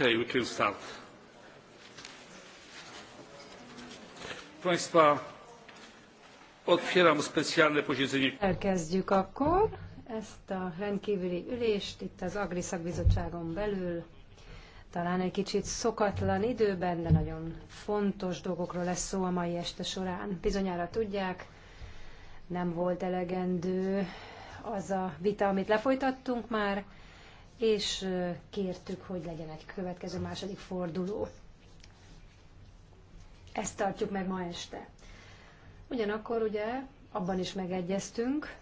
can start. Państwa, otwieram specjalne posiedzenie. Elkezdjük akkor ezt a rendkívüli ülést itt az Agri Szakbizottságon belül. Talán egy kicsit szokatlan időben, de nagyon fontos dolgokról lesz szó a mai este során. Bizonyára tudják, nem volt elegendő az a vita, amit lefolytattunk már, és kértük, hogy legyen egy következő második forduló. Ezt tartjuk meg ma este. Ugyanakkor ugye abban is megegyeztünk,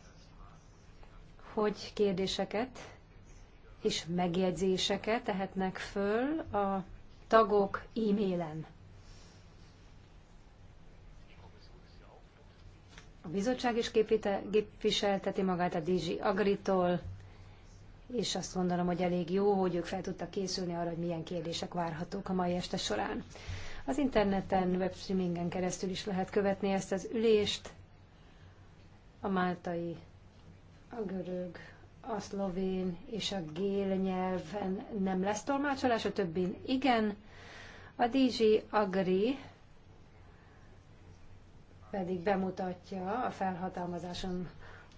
hogy kérdéseket és megjegyzéseket tehetnek föl a tagok e-mailen. A bizottság is képviselteti magát a DG Agritól, és azt gondolom, hogy elég jó, hogy ők fel tudtak készülni arra, hogy milyen kérdések várhatók a mai este során. Az interneten, webstreamingen keresztül is lehet követni ezt az ülést. A máltai, a görög, a szlovén és a gél nyelven nem lesz tolmácsolás, a többin igen. A DJ Agri pedig bemutatja a felhatalmazáson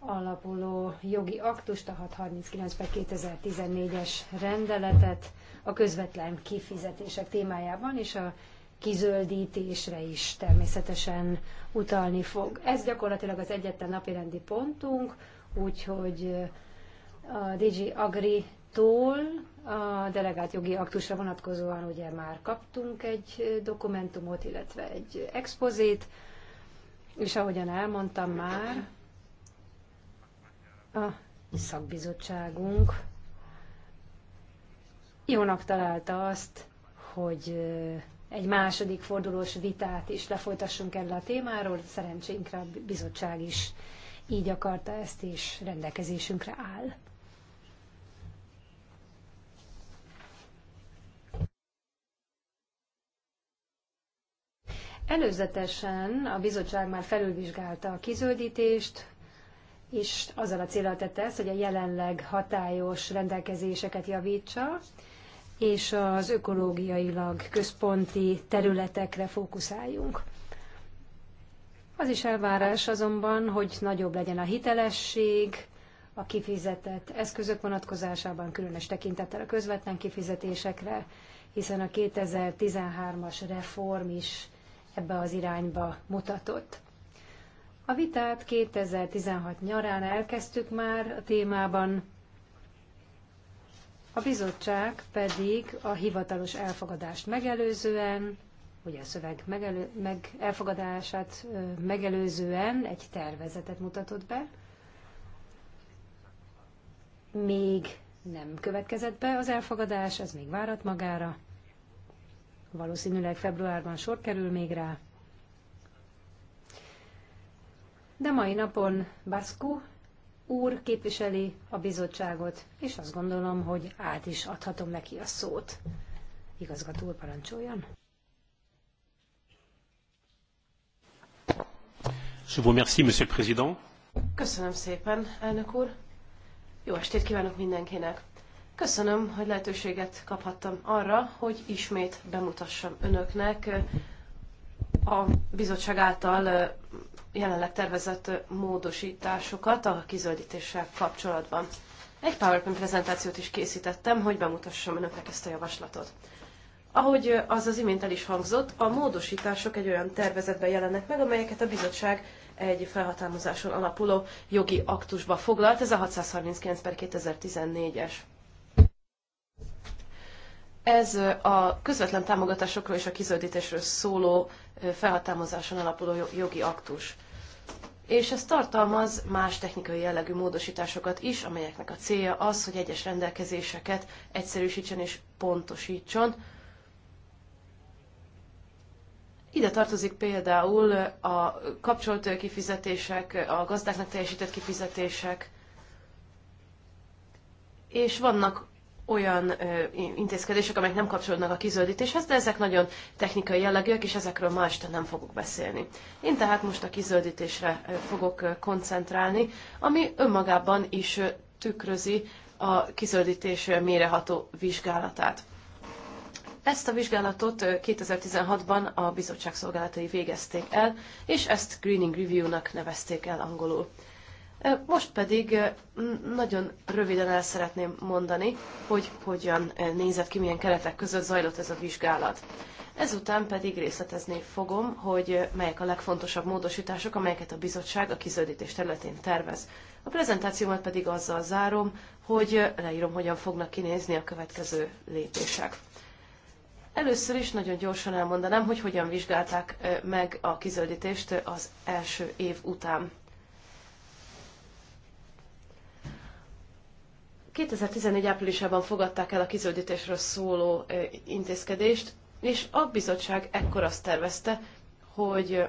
alapuló jogi aktust, a 639 2014-es rendeletet a közvetlen kifizetések témájában és a kizöldítésre is természetesen utalni fog. Ez gyakorlatilag az egyetlen napirendi pontunk, úgyhogy a DG Agri-tól a delegált jogi aktusra vonatkozóan ugye már kaptunk egy dokumentumot, illetve egy expozét, és ahogyan elmondtam már, a szakbizottságunk jónak találta azt, hogy egy második fordulós vitát is lefolytassunk erről a témáról. Szerencsénkre a bizottság is így akarta ezt, és rendelkezésünkre áll. Előzetesen a bizottság már felülvizsgálta a kizöldítést, és azzal a célral tette ezt, hogy a jelenleg hatályos rendelkezéseket javítsa, és az ökológiailag központi területekre fókuszáljunk. Az is elvárás azonban, hogy nagyobb legyen a hitelesség, a kifizetett eszközök vonatkozásában, különös tekintettel a közvetlen kifizetésekre, hiszen a 2013-as reform is ebbe az irányba mutatott. A vitát 2016 nyarán elkezdtük már a témában, a bizottság pedig a hivatalos elfogadást megelőzően, ugye a szöveg megelő, meg, elfogadását megelőzően egy tervezetet mutatott be. Még nem következett be az elfogadás, ez még várat magára. Valószínűleg februárban sor kerül még rá. de mai napon Baszku úr képviseli a bizottságot, és azt gondolom, hogy át is adhatom neki a szót. Igazgató úr, parancsoljon! Je vous remercie, monsieur le président. Köszönöm szépen, elnök úr. Jó estét kívánok mindenkinek. Köszönöm, hogy lehetőséget kaphattam arra, hogy ismét bemutassam önöknek a bizottság által jelenleg tervezett módosításokat a kizöldítéssel kapcsolatban. Egy PowerPoint prezentációt is készítettem, hogy bemutassam önöknek ezt a javaslatot. Ahogy az az imént el is hangzott, a módosítások egy olyan tervezetben jelennek meg, amelyeket a bizottság egy felhatalmazáson alapuló jogi aktusba foglalt, ez a 639 per 2014-es. Ez a közvetlen támogatásokról és a kizöldítésről szóló felhatalmazáson alapuló jogi aktus. És ez tartalmaz más technikai jellegű módosításokat is, amelyeknek a célja az, hogy egyes rendelkezéseket egyszerűsítsen és pontosítson. Ide tartozik például a kapcsolt kifizetések, a gazdáknak teljesített kifizetések, és vannak olyan intézkedések, amelyek nem kapcsolódnak a kizöldítéshez, de ezek nagyon technikai jellegűek, és ezekről ma este nem fogok beszélni. Én tehát most a kizöldítésre fogok koncentrálni, ami önmagában is tükrözi a kizöldítés méreható vizsgálatát. Ezt a vizsgálatot 2016-ban a bizottság szolgálatai végezték el, és ezt Greening Review-nak nevezték el angolul. Most pedig nagyon röviden el szeretném mondani, hogy hogyan nézett ki, milyen keretek között zajlott ez a vizsgálat. Ezután pedig részletezni fogom, hogy melyek a legfontosabb módosítások, amelyeket a bizottság a kizöldítés területén tervez. A prezentációmat pedig azzal zárom, hogy leírom, hogyan fognak kinézni a következő lépések. Először is nagyon gyorsan elmondanám, hogy hogyan vizsgálták meg a kizöldítést az első év után. 2014 áprilisában fogadták el a kizöldítésről szóló intézkedést, és a bizottság ekkor azt tervezte, hogy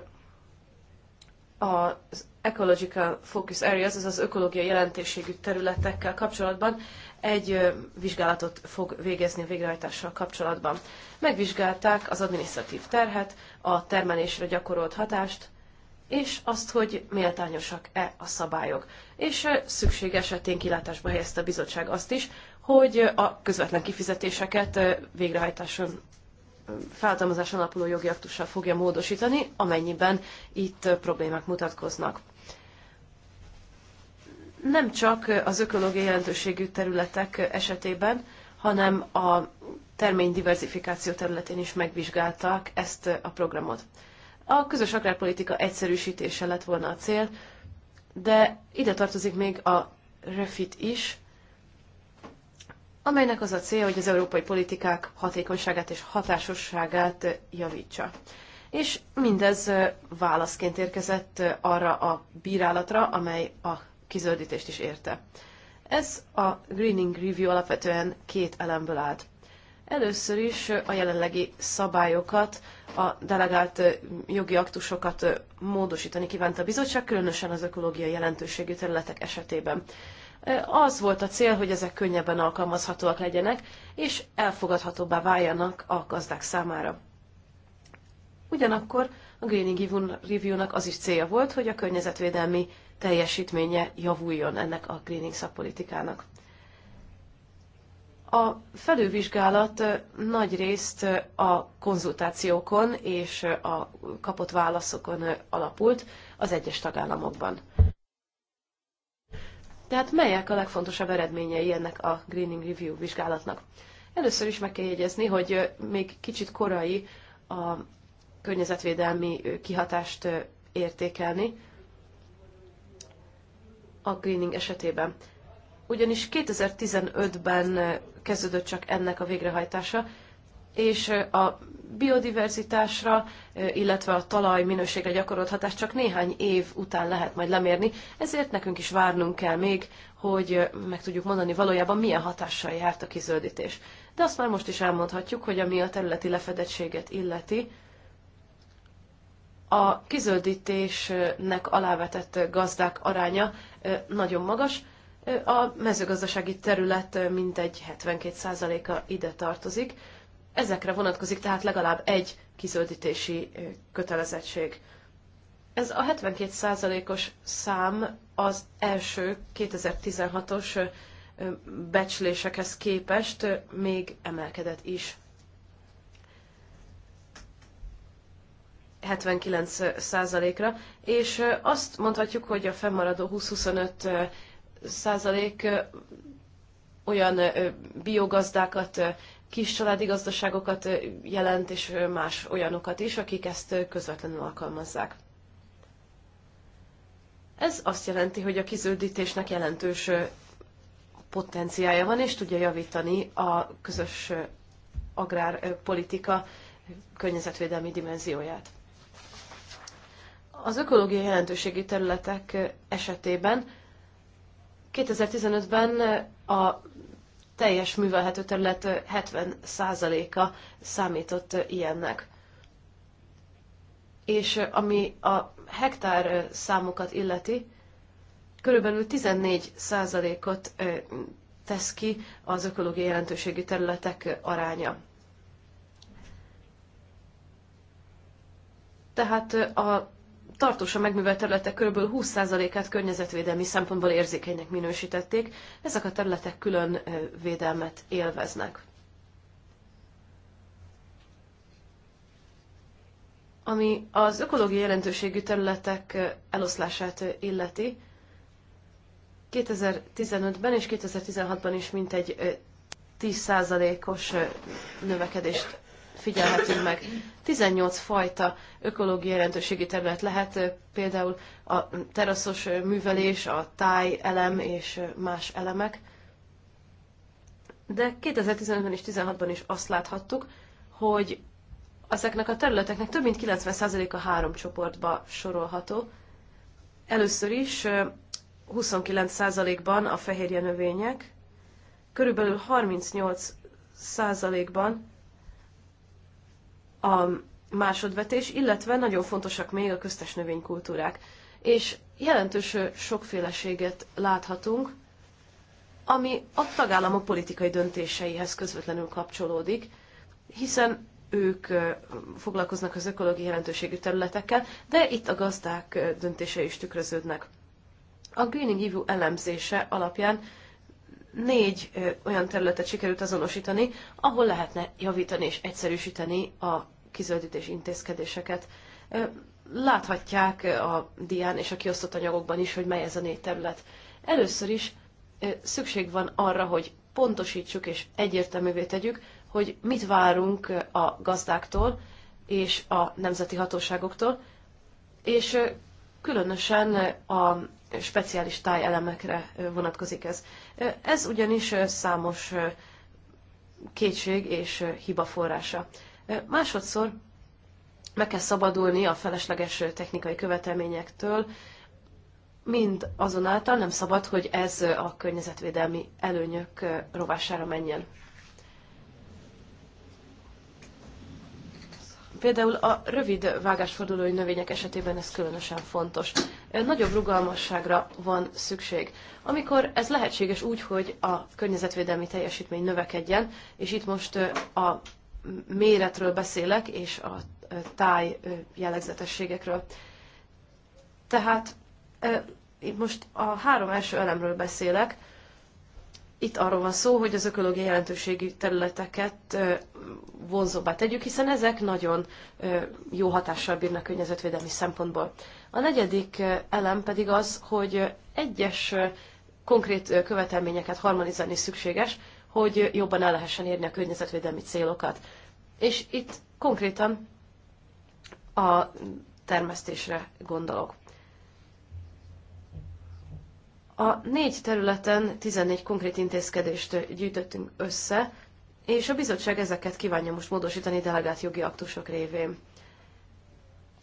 az Ecological Focus Areas, azaz ökológiai jelentőségű területekkel kapcsolatban egy vizsgálatot fog végezni a végrehajtással kapcsolatban. Megvizsgálták az adminisztratív terhet, a termelésre gyakorolt hatást, és azt, hogy méltányosak-e a szabályok. És szükség esetén kilátásba helyezte a bizottság azt is, hogy a közvetlen kifizetéseket végrehajtáson feltalmazáson alapuló jogi aktussal fogja módosítani, amennyiben itt problémák mutatkoznak. Nem csak az ökológiai jelentőségű területek esetében, hanem a termény diversifikáció területén is megvizsgálták ezt a programot. A közös agrárpolitika egyszerűsítése lett volna a cél, de ide tartozik még a refit is, amelynek az a célja, hogy az európai politikák hatékonyságát és hatásosságát javítsa. És mindez válaszként érkezett arra a bírálatra, amely a kizöldítést is érte. Ez a Greening Review alapvetően két elemből állt. Először is a jelenlegi szabályokat, a delegált jogi aktusokat módosítani kívánta a bizottság, különösen az ökológiai jelentőségű területek esetében. Az volt a cél, hogy ezek könnyebben alkalmazhatóak legyenek, és elfogadhatóbbá váljanak a gazdák számára. Ugyanakkor a Greening Review-nak az is célja volt, hogy a környezetvédelmi teljesítménye javuljon ennek a greening szakpolitikának. A felülvizsgálat nagy részt a konzultációkon és a kapott válaszokon alapult az egyes tagállamokban. Tehát melyek a legfontosabb eredményei ennek a Greening Review vizsgálatnak? Először is meg kell jegyezni, hogy még kicsit korai a környezetvédelmi kihatást értékelni a greening esetében ugyanis 2015-ben kezdődött csak ennek a végrehajtása, és a biodiverzitásra, illetve a talaj minőségre gyakorolt hatást csak néhány év után lehet majd lemérni, ezért nekünk is várnunk kell még, hogy meg tudjuk mondani valójában milyen hatással járt a kizöldítés. De azt már most is elmondhatjuk, hogy ami a területi lefedettséget illeti, a kizöldítésnek alávetett gazdák aránya eh, nagyon magas, a mezőgazdasági terület mintegy 72%-a ide tartozik. Ezekre vonatkozik tehát legalább egy kizöldítési kötelezettség. Ez a 72%-os szám az első 2016-os becslésekhez képest még emelkedett is. 79%-ra, és azt mondhatjuk, hogy a fennmaradó 20-25 százalék olyan biogazdákat, kis családi gazdaságokat jelent, és más olyanokat is, akik ezt közvetlenül alkalmazzák. Ez azt jelenti, hogy a kizöldítésnek jelentős potenciája van, és tudja javítani a közös agrárpolitika környezetvédelmi dimenzióját. Az ökológiai jelentőségi területek esetében 2015-ben eh, a teljes művelhető terület 70%-a eh, számított eh, ilyennek. És ami a hektár számokat illeti, körülbelül 14%-ot tesz ki az ökológiai jelentőségi területek aránya. Tehát a tartósan megművelt területek kb. 20%-át környezetvédelmi szempontból érzékenynek minősítették, ezek a területek külön védelmet élveznek. Ami az ökológiai jelentőségű területek eloszlását illeti, 2015-ben és 2016-ban is mintegy 10%-os növekedést figyelhetünk meg. 18 fajta ökológiai jelentőségi terület lehet, például a teraszos művelés, a táj elem és más elemek. De 2015-ben és 2016-ban is azt láthattuk, hogy ezeknek a területeknek több mint 90%-a három csoportba sorolható. Először is 29%-ban a fehérje növények, körülbelül 38%-ban a másodvetés, illetve nagyon fontosak még a köztes növénykultúrák. És jelentős sokféleséget láthatunk, ami a tagállamok politikai döntéseihez közvetlenül kapcsolódik, hiszen ők foglalkoznak az ökológiai jelentőségű területekkel, de itt a gazdák döntései is tükröződnek. A Greening Review elemzése alapján négy olyan területet sikerült azonosítani, ahol lehetne javítani és egyszerűsíteni a kizöldítés intézkedéseket. Láthatják a dián és a kiosztott anyagokban is, hogy mely ez a négy terület. Először is szükség van arra, hogy pontosítsuk és egyértelművé tegyük, hogy mit várunk a gazdáktól és a nemzeti hatóságoktól, és különösen a speciális tájelemekre vonatkozik ez. Ez ugyanis számos kétség és hiba forrása. Másodszor meg kell szabadulni a felesleges technikai követelményektől, mind azonáltal nem szabad, hogy ez a környezetvédelmi előnyök rovására menjen. Például a rövid vágásfordulói növények esetében ez különösen fontos. Nagyobb rugalmasságra van szükség. Amikor ez lehetséges úgy, hogy a környezetvédelmi teljesítmény növekedjen, és itt most a méretről beszélek, és a táj jellegzetességekről. Tehát itt most a három első elemről beszélek, itt arról van szó, hogy az ökológiai jelentőségű területeket vonzóbbá tegyük, hiszen ezek nagyon jó hatással bírnak környezetvédelmi szempontból. A negyedik elem pedig az, hogy egyes konkrét követelményeket harmonizálni szükséges, hogy jobban el lehessen érni a környezetvédelmi célokat. És itt konkrétan a termesztésre gondolok. A négy területen 14 konkrét intézkedést gyűjtöttünk össze, és a bizottság ezeket kívánja most módosítani delegált jogi aktusok révén.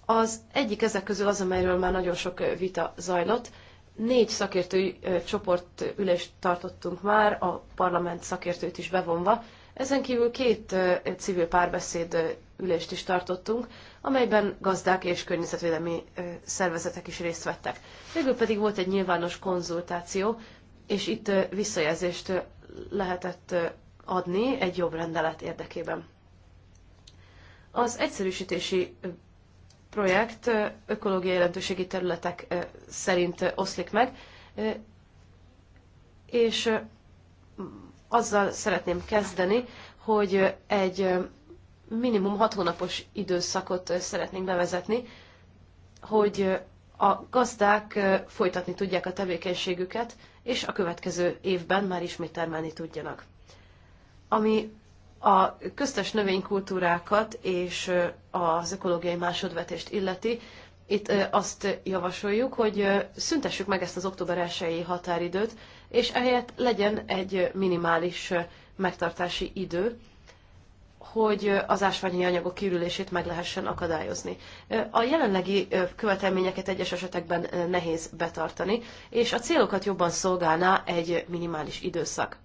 Az egyik ezek közül az, amelyről már nagyon sok vita zajlott. Négy szakértői csoportülést tartottunk már, a parlament szakértőt is bevonva, ezen kívül két civil párbeszéd ülést is tartottunk, amelyben gazdák és környezetvédelmi szervezetek is részt vettek. Végül pedig volt egy nyilvános konzultáció, és itt visszajelzést lehetett adni egy jobb rendelet érdekében. Az egyszerűsítési projekt ökológiai jelentőségi területek szerint oszlik meg, és azzal szeretném kezdeni, hogy egy minimum hat hónapos időszakot szeretnénk bevezetni, hogy a gazdák folytatni tudják a tevékenységüket, és a következő évben már ismét termelni tudjanak. Ami a köztes növénykultúrákat és az ökológiai másodvetést illeti, itt azt javasoljuk, hogy szüntessük meg ezt az október 1 határidőt, és ehelyett legyen egy minimális megtartási idő, hogy az ásványi anyagok kiürülését meg lehessen akadályozni. A jelenlegi követelményeket egyes esetekben nehéz betartani, és a célokat jobban szolgálná egy minimális időszak.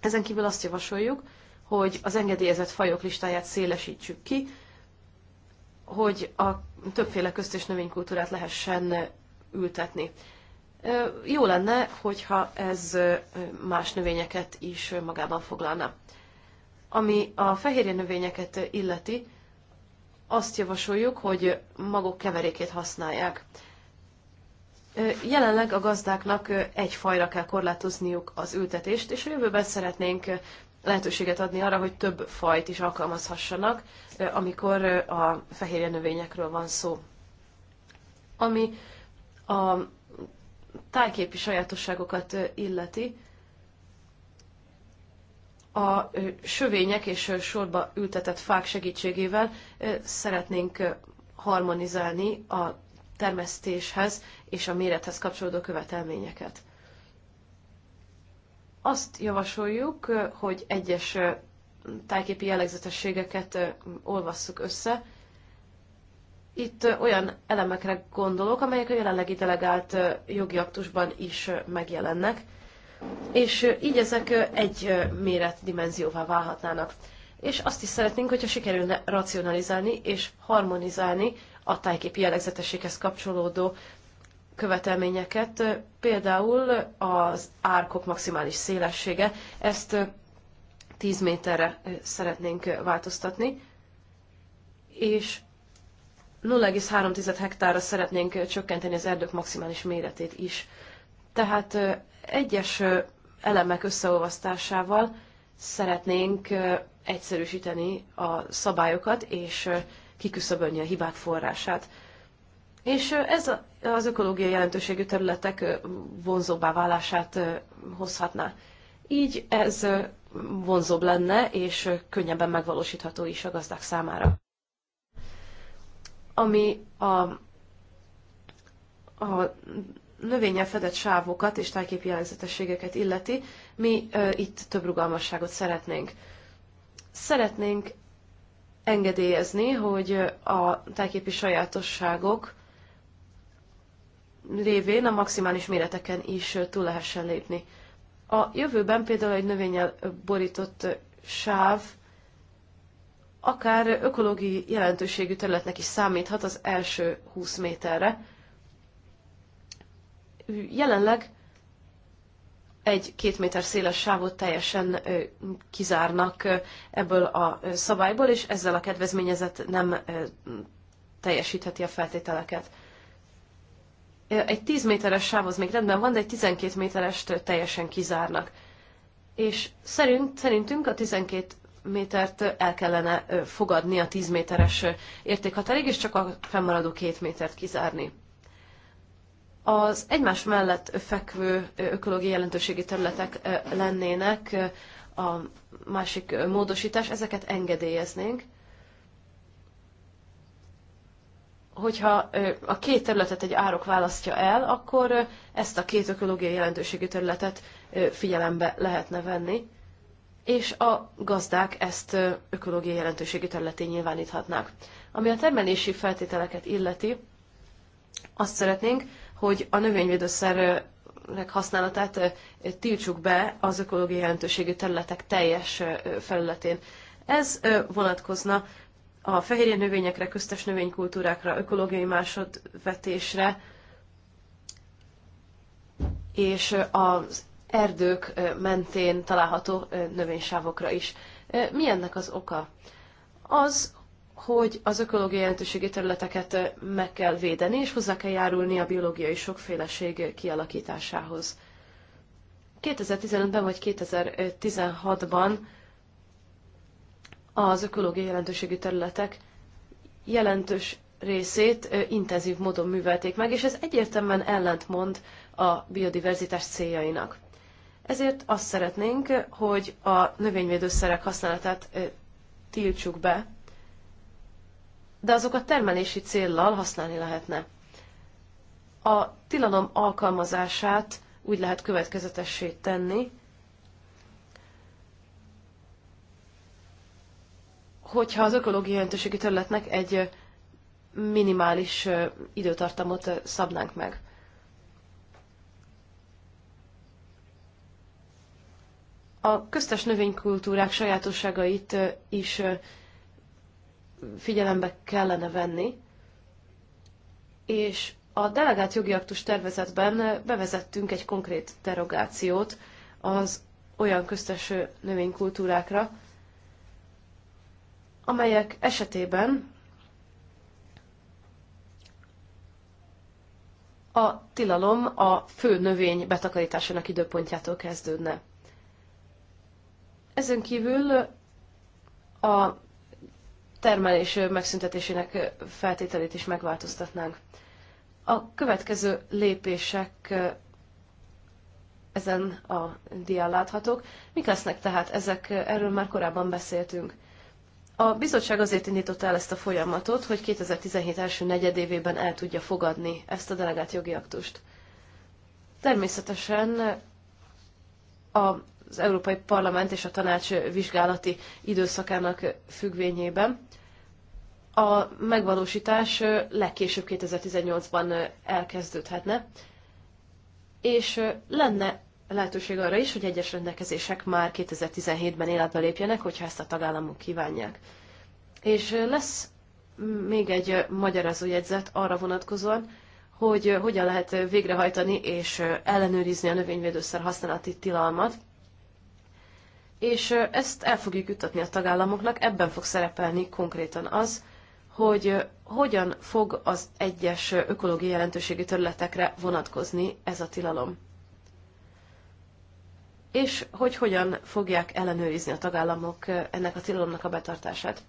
Ezen kívül azt javasoljuk, hogy az engedélyezett fajok listáját szélesítsük ki, hogy a többféle közt és növénykultúrát lehessen ültetni. Jó lenne, hogyha ez más növényeket is magában foglalna. Ami a fehérje növényeket illeti, azt javasoljuk, hogy magok keverékét használják. Jelenleg a gazdáknak egy fajra kell korlátozniuk az ültetést, és a jövőben szeretnénk lehetőséget adni arra, hogy több fajt is alkalmazhassanak, amikor a fehérje növényekről van szó. Ami a tájképi sajátosságokat illeti, a sövények és sorba ültetett fák segítségével szeretnénk harmonizálni a termesztéshez és a mérethez kapcsolódó követelményeket. Azt javasoljuk, hogy egyes tájképi jellegzetességeket olvasszuk össze, itt olyan elemekre gondolok, amelyek a jelenlegi delegált jogi aktusban is megjelennek, és így ezek egy méret dimenzióvá válhatnának. És azt is szeretnénk, hogyha sikerülne racionalizálni és harmonizálni a tájképi jellegzetességhez kapcsolódó követelményeket, például az árkok maximális szélessége, ezt 10 méterre szeretnénk változtatni, és 0,3 hektárra szeretnénk csökkenteni az erdők maximális méretét is. Tehát egyes elemek összeolvasztásával szeretnénk egyszerűsíteni a szabályokat és kiküszöbölni a hibák forrását. És ez az ökológiai jelentőségű területek vonzóbbá válását hozhatná. Így ez vonzóbb lenne, és könnyebben megvalósítható is a gazdák számára ami a, a növényen fedett sávokat és tájképi jellegzetességeket illeti, mi ö, itt több rugalmasságot szeretnénk. Szeretnénk engedélyezni, hogy a tájképi sajátosságok révén a maximális méreteken is túl lehessen lépni. A jövőben például egy növényel borított sáv akár ökológiai jelentőségű területnek is számíthat az első 20 méterre. Jelenleg egy két méter széles sávot teljesen kizárnak ebből a szabályból, és ezzel a kedvezményezet nem teljesítheti a feltételeket. Egy 10 méteres sáv az még rendben van, de egy 12 méterest teljesen kizárnak. És szerint, szerintünk a 12 métert el kellene fogadni a 10 méteres értékhatárig, és csak a fennmaradó két métert kizárni. Az egymás mellett fekvő ökológiai jelentőségi területek lennének a másik módosítás, ezeket engedélyeznénk. Hogyha a két területet egy árok választja el, akkor ezt a két ökológiai jelentőségi területet figyelembe lehetne venni és a gazdák ezt ökológiai jelentőségi területén nyilváníthatnák. Ami a termelési feltételeket illeti, azt szeretnénk, hogy a növényvédőszerek használatát tiltsuk be az ökológiai jelentőségű területek teljes felületén. Ez vonatkozna a fehérje növényekre, köztes növénykultúrákra, ökológiai másodvetésre, és az erdők mentén található növénysávokra is. Mi ennek az oka? Az, hogy az ökológiai jelentőségi területeket meg kell védeni, és hozzá kell járulni a biológiai sokféleség kialakításához. 2015-ben vagy 2016-ban az ökológiai jelentőségű területek jelentős részét intenzív módon művelték meg, és ez egyértelműen ellentmond a biodiverzitás céljainak. Ezért azt szeretnénk, hogy a növényvédőszerek használatát tiltsuk be, de azokat termelési céllal használni lehetne. A tilalom alkalmazását úgy lehet következetessé tenni, hogyha az ökológiai jelentőségi területnek egy minimális időtartamot szabnánk meg. a köztes növénykultúrák sajátosságait is figyelembe kellene venni, és a delegált jogi aktus tervezetben bevezettünk egy konkrét derogációt az olyan köztes növénykultúrákra, amelyek esetében a tilalom a fő növény betakarításának időpontjától kezdődne. Ezen kívül a termelés megszüntetésének feltételét is megváltoztatnánk. A következő lépések ezen a dián láthatók. Mik lesznek tehát ezek? Erről már korábban beszéltünk. A bizottság azért indította el ezt a folyamatot, hogy 2017 első negyedévében el tudja fogadni ezt a delegált jogi aktust. Természetesen a az Európai Parlament és a Tanács vizsgálati időszakának függvényében. A megvalósítás legkésőbb 2018-ban elkezdődhetne, és lenne lehetőség arra is, hogy egyes rendelkezések már 2017-ben életbe lépjenek, hogyha ezt a tagállamok kívánják. És lesz még egy magyarázó jegyzet arra vonatkozóan, hogy hogyan lehet végrehajtani és ellenőrizni a növényvédőszer használati tilalmat, és ezt el fogjuk jutatni a tagállamoknak, ebben fog szerepelni konkrétan az, hogy hogyan fog az egyes ökológiai jelentőségi területekre vonatkozni ez a tilalom. És hogy hogyan fogják ellenőrizni a tagállamok ennek a tilalomnak a betartását.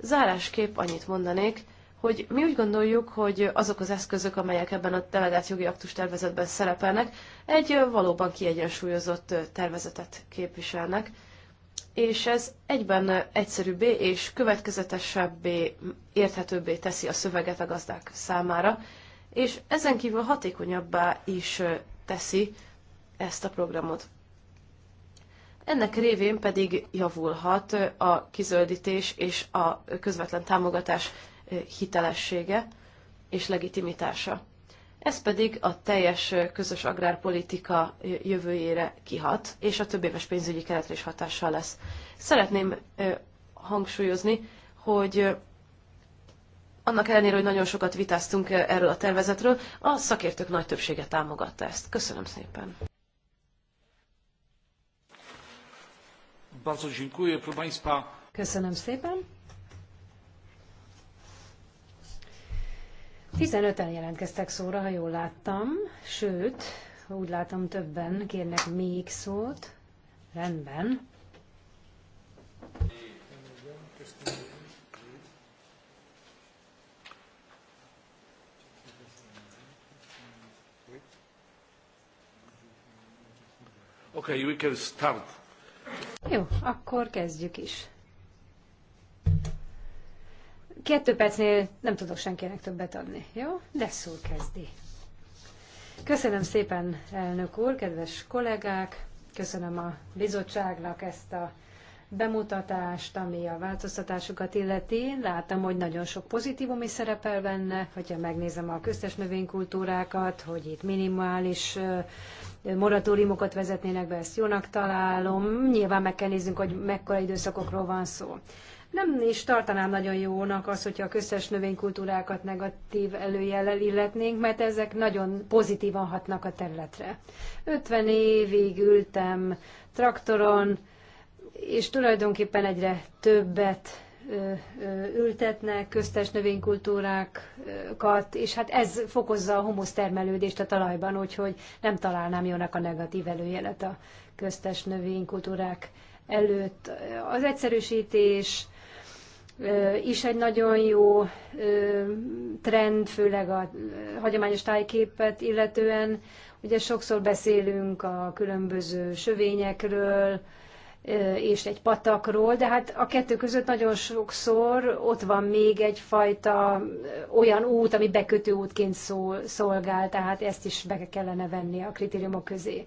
Zárásképp annyit mondanék, hogy mi úgy gondoljuk, hogy azok az eszközök, amelyek ebben a delegált jogi aktus tervezetben szerepelnek, egy valóban kiegyensúlyozott tervezetet képviselnek, és ez egyben egyszerűbbé és következetesebbé, érthetőbbé teszi a szöveget a gazdák számára, és ezen kívül hatékonyabbá is teszi ezt a programot. Ennek révén pedig javulhat a kizöldítés és a közvetlen támogatás hitelessége és legitimitása ez pedig a teljes közös agrárpolitika jövőjére kihat, és a többéves pénzügyi keretre is hatással lesz. Szeretném hangsúlyozni, hogy annak ellenére, hogy nagyon sokat vitáztunk erről a tervezetről, a szakértők nagy többsége támogatta ezt. Köszönöm szépen. Köszönöm szépen. 15-en jelentkeztek szóra, ha jól láttam, sőt, úgy látom többen kérnek még szót. Rendben. Okay, we can start. Jó, akkor kezdjük is. Kettő percnél nem tudok senkinek többet adni, jó? De szól kezdi. Köszönöm szépen, elnök úr, kedves kollégák, köszönöm a bizottságnak ezt a bemutatást, ami a változtatásokat illeti. Láttam, hogy nagyon sok pozitívum is szerepel benne, hogyha megnézem a köztes növénykultúrákat, hogy itt minimális moratóriumokat vezetnének be, ezt jónak találom. Nyilván meg kell néznünk, hogy mekkora időszakokról van szó. Nem is tartanám nagyon jónak az, hogyha a köztes növénykultúrákat negatív előjellel illetnénk, mert ezek nagyon pozitívan hatnak a területre. 50 évig ültem traktoron, és tulajdonképpen egyre többet ültetnek, köztes növénykultúrákat, és hát ez fokozza a humusz termelődést a talajban, úgyhogy nem találnám jónak a negatív előjelet a köztes növénykultúrák előtt. Az egyszerűsítés, is egy nagyon jó trend, főleg a hagyományos tájképet illetően. Ugye sokszor beszélünk a különböző sövényekről, és egy patakról, de hát a kettő között nagyon sokszor ott van még egyfajta olyan út, ami bekötő útként szól, szolgál, tehát ezt is be kellene venni a kritériumok közé.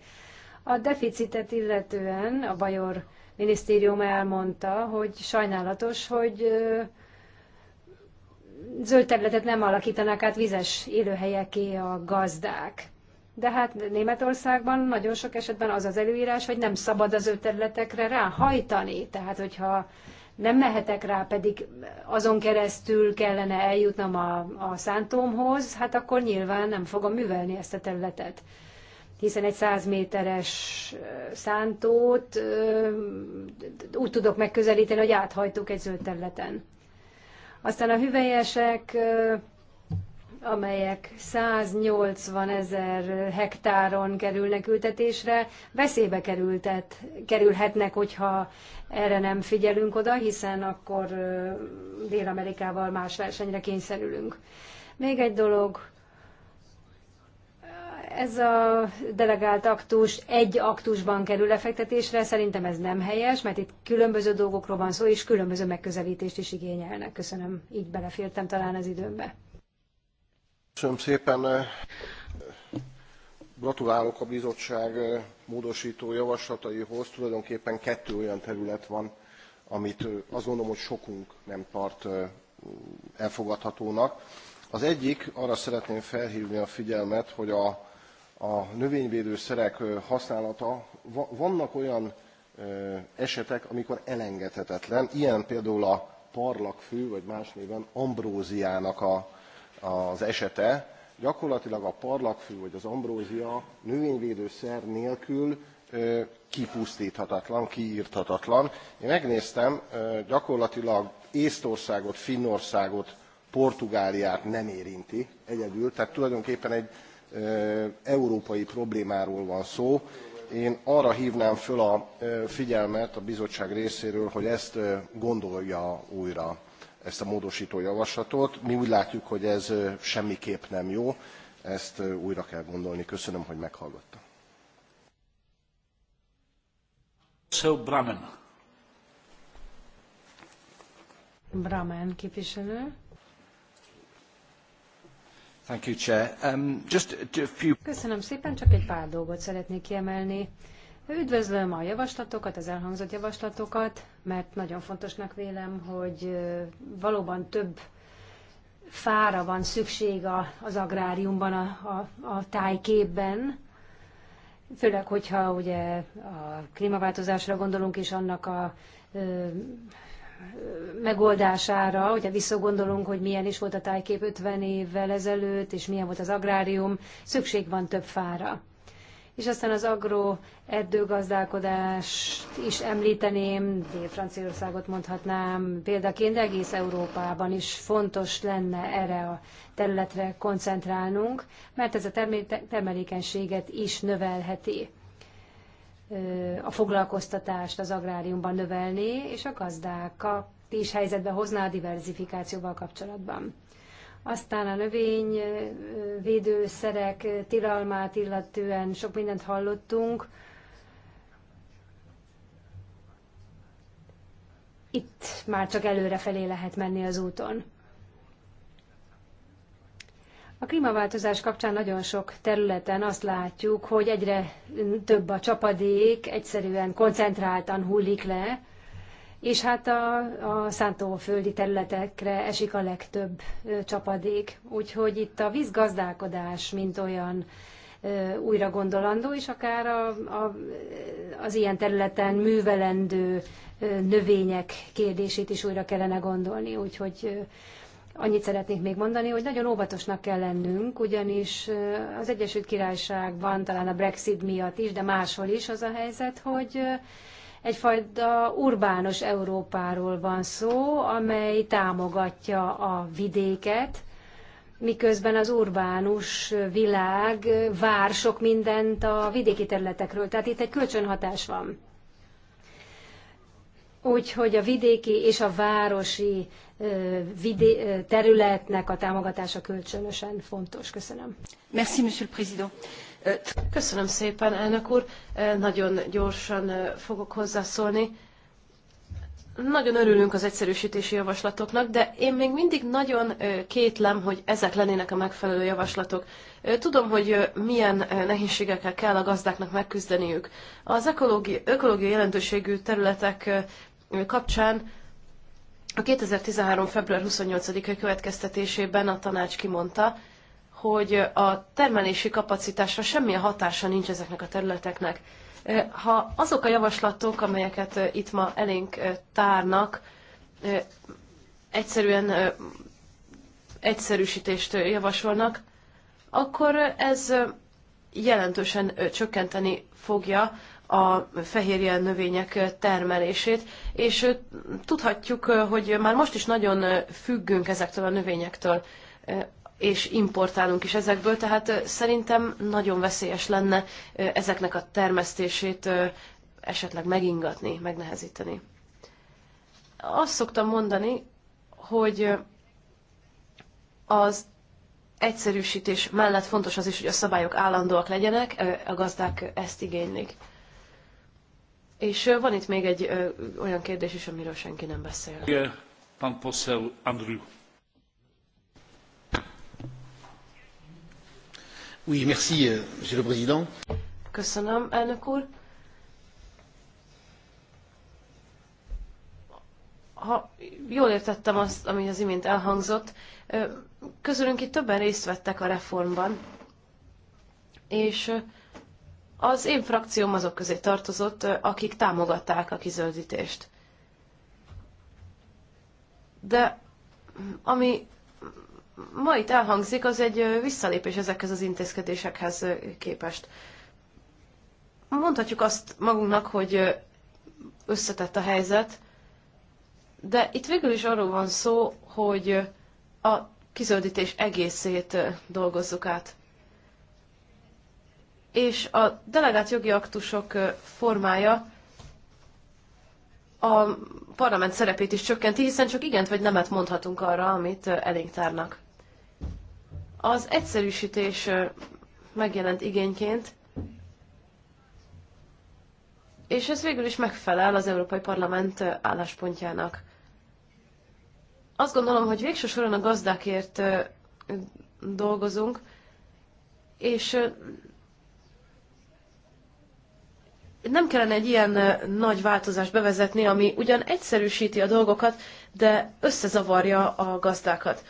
A deficitet illetően a Bajor minisztérium elmondta, hogy sajnálatos, hogy zöld területet nem alakítanak át vizes élőhelyeké a gazdák. De hát Németországban nagyon sok esetben az az előírás, hogy nem szabad az ő területekre ráhajtani. Tehát, hogyha nem mehetek rá, pedig azon keresztül kellene eljutnom a, a szántómhoz, hát akkor nyilván nem fogom művelni ezt a területet hiszen egy 100 méteres szántót úgy tudok megközelíteni, hogy áthajtuk egy zöld területen. Aztán a hüvelyesek, amelyek 180 ezer hektáron kerülnek ültetésre, veszélybe kerültet, kerülhetnek, hogyha erre nem figyelünk oda, hiszen akkor Dél-Amerikával más versenyre kényszerülünk. Még egy dolog, ez a delegált aktus egy aktusban kerül lefektetésre, szerintem ez nem helyes, mert itt különböző dolgokról van szó, és különböző megközelítést is igényelnek. Köszönöm, így belefértem talán az időmbe. Köszönöm szépen. Gratulálok a bizottság módosító javaslataihoz. Tulajdonképpen kettő olyan terület van, amit azt gondolom, hogy sokunk nem tart elfogadhatónak. Az egyik, arra szeretném felhívni a figyelmet, hogy a a növényvédőszerek használata. Vannak olyan esetek, amikor elengedhetetlen, ilyen például a parlakfű, vagy más néven ambróziának a, az esete. Gyakorlatilag a parlakfű, vagy az ambrózia növényvédőszer nélkül kipusztíthatatlan, kiírthatatlan. Én megnéztem, gyakorlatilag Észtországot, Finnországot, Portugáliát nem érinti egyedül, tehát tulajdonképpen egy európai problémáról van szó. Én arra hívnám föl a figyelmet a bizottság részéről, hogy ezt gondolja újra, ezt a módosító javaslatot. Mi úgy látjuk, hogy ez semmiképp nem jó, ezt újra kell gondolni. Köszönöm, hogy meghallgatta. Bramen. Bramen képviselő. Um, Köszönöm szépen, csak egy pár dolgot szeretnék kiemelni. Üdvözlöm a javaslatokat, az elhangzott javaslatokat, mert nagyon fontosnak vélem, hogy valóban több fára van szükség az agráriumban, a, a, a tájképben, főleg, hogyha ugye a klímaváltozásra gondolunk, és annak a megoldására, hogyha visszagondolunk, hogy milyen is volt a tájkép 50 évvel ezelőtt, és milyen volt az agrárium, szükség van több fára. És aztán az agro erdőgazdálkodást is említeném, Dél-Franciaországot mondhatnám példaként, de egész Európában is fontos lenne erre a területre koncentrálnunk, mert ez a termelékenységet is növelheti a foglalkoztatást az agráriumban növelni, és a gazdákat is helyzetbe hozná a diversifikációval kapcsolatban. Aztán a növényvédőszerek tilalmát illetően sok mindent hallottunk. Itt már csak előrefelé lehet menni az úton. A klímaváltozás kapcsán nagyon sok területen azt látjuk, hogy egyre több a csapadék, egyszerűen koncentráltan hullik le, és hát a, a szántóföldi területekre esik a legtöbb csapadék. Úgyhogy itt a vízgazdálkodás, mint olyan újra gondolandó, és akár a, a, az ilyen területen művelendő növények kérdését is újra kellene gondolni. Úgyhogy Annyit szeretnék még mondani, hogy nagyon óvatosnak kell lennünk, ugyanis az Egyesült Királyságban, talán a Brexit miatt is, de máshol is az a helyzet, hogy egyfajta urbános Európáról van szó, amely támogatja a vidéket, miközben az urbánus világ vár sok mindent a vidéki területekről. Tehát itt egy kölcsönhatás van. Úgyhogy a vidéki és a városi vidé- területnek a támogatása kölcsönösen fontos. Köszönöm. Merci, monsieur le président. Euh, Köszönöm szépen, elnök úr. Nagyon gyorsan fogok hozzászólni. Nagyon örülünk az egyszerűsítési javaslatoknak, de én még mindig nagyon kétlem, hogy ezek lennének a megfelelő javaslatok. Tudom, hogy milyen nehézségekkel kell a gazdáknak megküzdeniük. Az ökológiai, ökológiai jelentőségű területek kapcsán a 2013. február 28-a következtetésében a tanács kimondta, hogy a termelési kapacitásra semmilyen hatása nincs ezeknek a területeknek. Ha azok a javaslatok, amelyeket itt ma elénk tárnak, egyszerűen egyszerűsítést javasolnak, akkor ez jelentősen csökkenteni fogja a fehérje növények termelését, és tudhatjuk, hogy már most is nagyon függünk ezektől a növényektől, és importálunk is ezekből, tehát szerintem nagyon veszélyes lenne ezeknek a termesztését esetleg megingatni, megnehezíteni. Azt szoktam mondani, hogy az egyszerűsítés mellett fontos az is, hogy a szabályok állandóak legyenek, a gazdák ezt igénylik. És van itt még egy ö, olyan kérdés is, amiről senki nem beszél. Pan poseł Andrew. Oui, merci, euh, monsieur le président. Köszönöm, elnök úr. Ha jól értettem azt, ami az imént elhangzott, közülünk itt többen részt vettek a reformban, és az én frakcióm azok közé tartozott, akik támogatták a kizöldítést. De ami ma itt elhangzik, az egy visszalépés ezekhez az intézkedésekhez képest. Mondhatjuk azt magunknak, hogy összetett a helyzet, de itt végül is arról van szó, hogy a kizöldítés egészét dolgozzuk át és a delegált jogi aktusok formája a parlament szerepét is csökkenti, hiszen csak igent vagy nemet mondhatunk arra, amit elénk tárnak. Az egyszerűsítés megjelent igényként, és ez végül is megfelel az Európai Parlament álláspontjának. Azt gondolom, hogy végső soron a gazdákért dolgozunk, és nem kellene egy ilyen nagy változást bevezetni, ami ugyan egyszerűsíti a dolgokat, de összezavarja a gazdákat.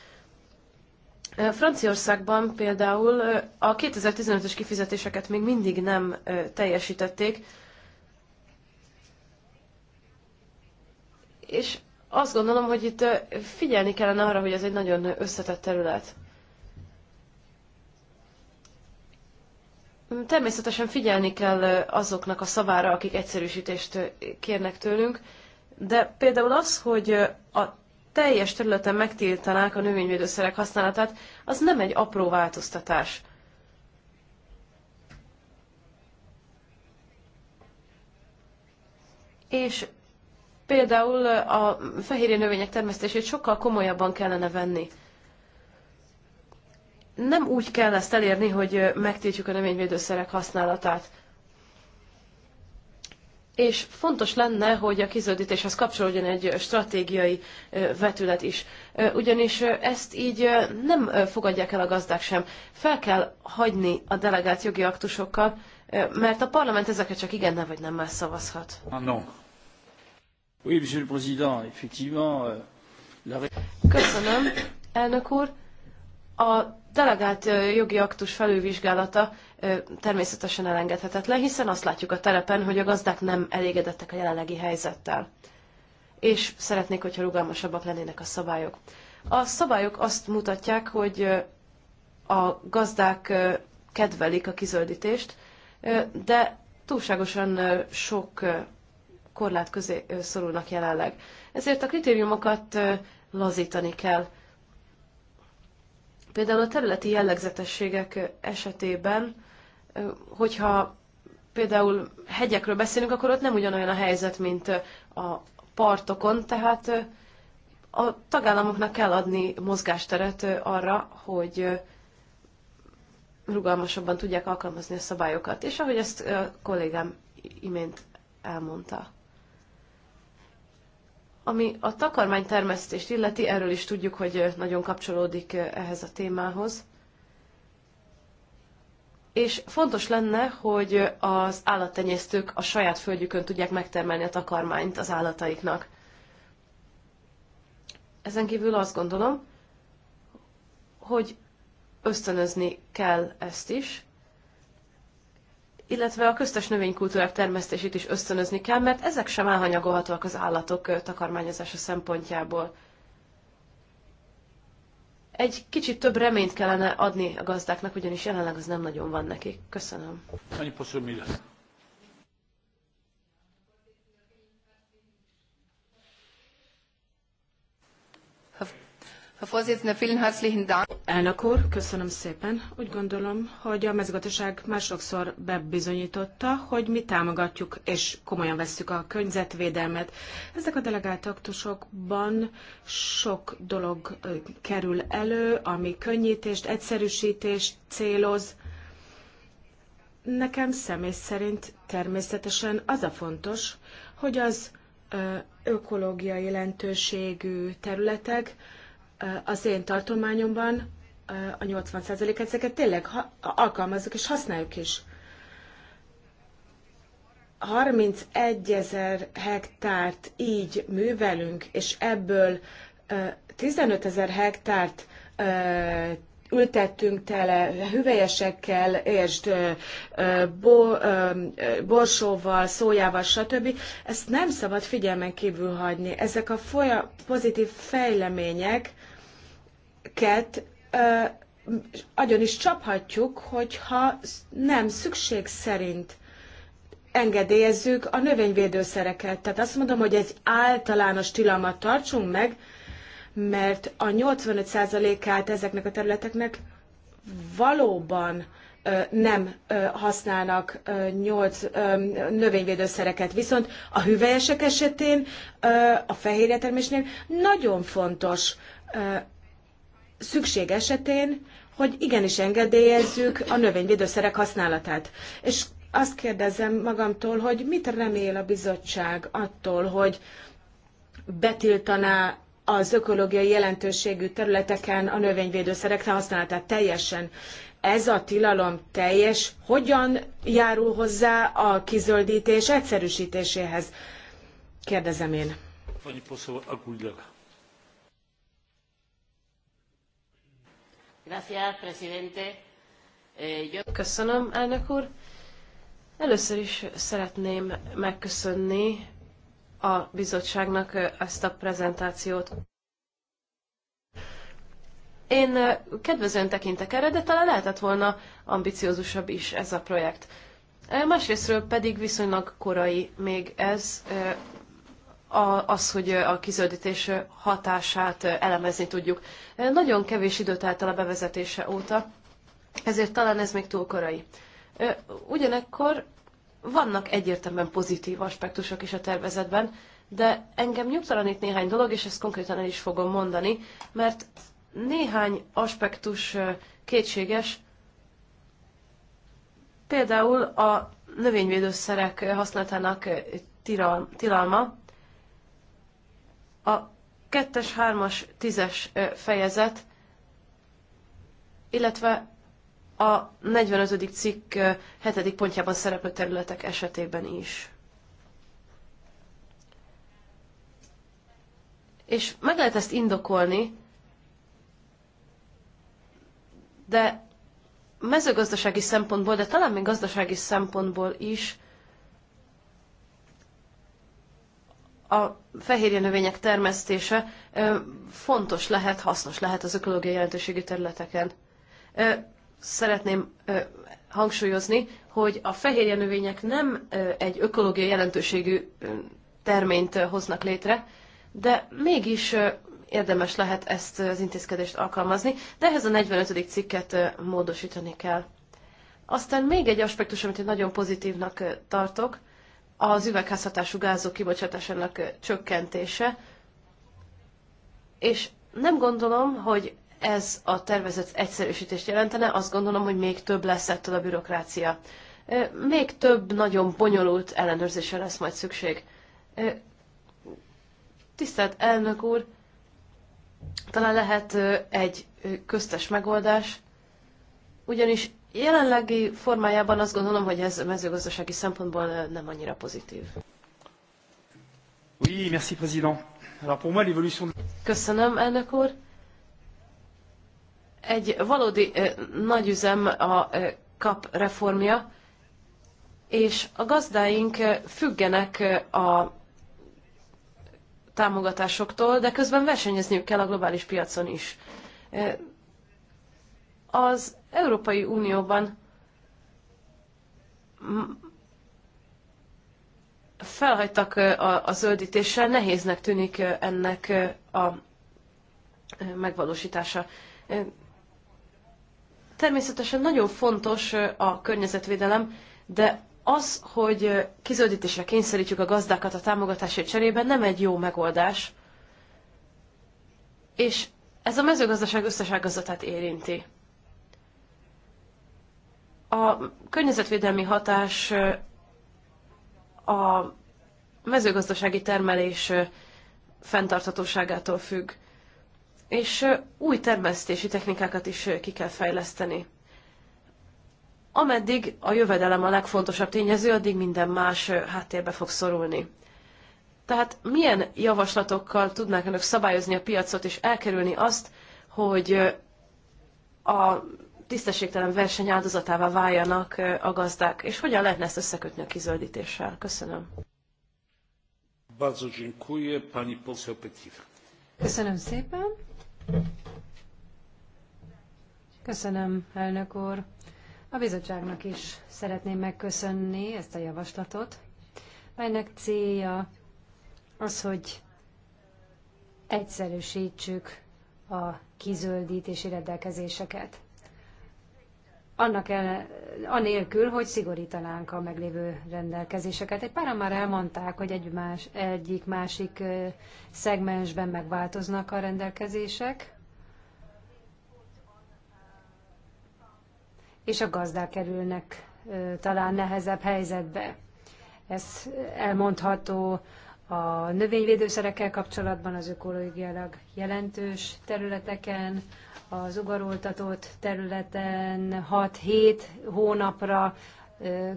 Franciaországban például a 2015-ös kifizetéseket még mindig nem teljesítették, és azt gondolom, hogy itt figyelni kellene arra, hogy ez egy nagyon összetett terület. Természetesen figyelni kell azoknak a szavára, akik egyszerűsítést kérnek tőlünk, de például az, hogy a teljes területen megtiltanák a növényvédőszerek használatát, az nem egy apró változtatás. És például a fehérje növények termesztését sokkal komolyabban kellene venni nem úgy kell ezt elérni, hogy megtiltjuk a növényvédőszerek használatát. És fontos lenne, hogy a kizöldítéshez kapcsolódjon egy stratégiai vetület is. Ugyanis ezt így nem fogadják el a gazdák sem. Fel kell hagyni a delegált jogi aktusokkal, mert a parlament ezeket csak igen igennel vagy nem más szavazhat. Ah, euh, Köszönöm, elnök úr. A delegált jogi aktus felülvizsgálata természetesen elengedhetetlen, hiszen azt látjuk a terepen, hogy a gazdák nem elégedettek a jelenlegi helyzettel. És szeretnék, hogyha rugalmasabbak lennének a szabályok. A szabályok azt mutatják, hogy a gazdák kedvelik a kizöldítést, de túlságosan sok korlát közé szorulnak jelenleg. Ezért a kritériumokat lazítani kell Például a területi jellegzetességek esetében, hogyha például hegyekről beszélünk, akkor ott nem ugyanolyan a helyzet, mint a partokon, tehát a tagállamoknak kell adni mozgásteret arra, hogy rugalmasabban tudják alkalmazni a szabályokat. És ahogy ezt a kollégám imént elmondta. Ami a takarmánytermesztést illeti, erről is tudjuk, hogy nagyon kapcsolódik ehhez a témához. És fontos lenne, hogy az állattenyésztők a saját földjükön tudják megtermelni a takarmányt az állataiknak. Ezen kívül azt gondolom, hogy ösztönözni kell ezt is, illetve a köztes növénykultúrák termesztését is ösztönözni kell, mert ezek sem elhanyagolhatóak az állatok takarmányozása szempontjából. Egy kicsit több reményt kellene adni a gazdáknak, ugyanis jelenleg az nem nagyon van nekik. Köszönöm. Annyi Elnök úr, köszönöm szépen. Úgy gondolom, hogy a mezőgazdaság már sokszor bebizonyította, hogy mi támogatjuk és komolyan vesszük a környezetvédelmet. Ezek a delegált aktusokban sok dolog kerül elő, ami könnyítést, egyszerűsítést céloz. Nekem személy szerint természetesen az a fontos, hogy az ökológiai jelentőségű területek, az én tartományomban a 80%-et ezeket tényleg alkalmazzuk és használjuk is. 31 ezer hektárt így művelünk, és ebből 15 ezer hektárt ültettünk tele hüvelyesekkel, értsd, borsóval, szójával, stb. Ezt nem szabad figyelmen kívül hagyni. Ezek a pozitív fejlemények ket nagyon is csaphatjuk, hogyha nem szükség szerint engedélyezzük a növényvédőszereket. Tehát azt mondom, hogy egy általános tilalmat tartsunk meg, mert a 85%-át ezeknek a területeknek valóban nem használnak nyolc növényvédőszereket. Viszont a hüvelyesek esetén, a fehérjetermésnél nagyon fontos szükség esetén, hogy igenis engedélyezzük a növényvédőszerek használatát. És azt kérdezem magamtól, hogy mit remél a bizottság attól, hogy betiltaná az ökológiai jelentőségű területeken a növényvédőszerek használatát teljesen. Ez a tilalom teljes, hogyan járul hozzá a kizöldítés egyszerűsítéséhez? Kérdezem én. Pani poseł Eh, Köszönöm, elnök úr. Először is szeretném megköszönni a bizottságnak eh, ezt a prezentációt. Én eh, kedvezően tekintek erre, de talán lehetett volna ambiciózusabb is ez a projekt. Másrésztről pedig viszonylag korai még ez, az, hogy a kizöldítés hatását elemezni tudjuk. Nagyon kevés idő telt el a bevezetése óta, ezért talán ez még túl korai. Ugyanekkor vannak egyértelműen pozitív aspektusok is a tervezetben, de engem nyugtalanít néhány dolog, és ezt konkrétan el is fogom mondani, mert néhány aspektus kétséges, például a növényvédőszerek használatának tilalma, a kettes, hármas, tízes fejezet, illetve a 45. cikk 7. pontjában szereplő területek esetében is. És meg lehet ezt indokolni, de mezőgazdasági szempontból, de talán még gazdasági szempontból is a fehérje növények termesztése fontos lehet, hasznos lehet az ökológiai jelentőségű területeken. Szeretném hangsúlyozni, hogy a fehérje növények nem egy ökológiai jelentőségű terményt hoznak létre, de mégis érdemes lehet ezt az intézkedést alkalmazni, de ehhez a 45. cikket módosítani kell. Aztán még egy aspektus, amit én nagyon pozitívnak tartok, az üvegházhatású gázok kibocsátásának csökkentése, és nem gondolom, hogy ez a tervezet egyszerűsítést jelentene, azt gondolom, hogy még több lesz ettől a bürokrácia. Még több nagyon bonyolult ellenőrzésre lesz majd szükség. Tisztelt elnök úr, talán lehet egy köztes megoldás, ugyanis Jelenlegi formájában azt gondolom, hogy ez mezőgazdasági szempontból nem annyira pozitív. Oui, merci, président. Alors pour moi, l'évolution... Köszönöm, elnök úr. Egy valódi eh, nagyüzem a eh, kap reformja, és a gazdáink eh, függenek eh, a támogatásoktól, de közben versenyezniük kell a globális piacon is. Eh, az Európai Unióban felhagytak a, a zöldítéssel, nehéznek tűnik ennek a megvalósítása. Természetesen nagyon fontos a környezetvédelem, de az, hogy kizöldítésre kényszerítjük a gazdákat a támogatásért cserében, nem egy jó megoldás. És ez a mezőgazdaság összes ágazatát érinti. A környezetvédelmi hatás a mezőgazdasági termelés fenntarthatóságától függ, és új termesztési technikákat is ki kell fejleszteni. Ameddig a jövedelem a legfontosabb tényező, addig minden más háttérbe fog szorulni. Tehát milyen javaslatokkal tudnák önök szabályozni a piacot és elkerülni azt, hogy a tisztességtelen verseny áldozatává váljanak a gazdák, és hogyan lehetne ezt összekötni a kizöldítéssel? Köszönöm. Köszönöm szépen. Köszönöm, elnök úr. A bizottságnak is szeretném megköszönni ezt a javaslatot, melynek célja az, hogy egyszerűsítsük a kizöldítési rendelkezéseket annak el, anélkül, hogy szigorítanánk a meglévő rendelkezéseket. Egy páran már elmondták, hogy egy más, egyik másik szegmensben megváltoznak a rendelkezések, és a gazdák kerülnek talán nehezebb helyzetbe. Ez elmondható a növényvédőszerekkel kapcsolatban az ökológiailag jelentős területeken, az ugaroltatott területen 6-7 hónapra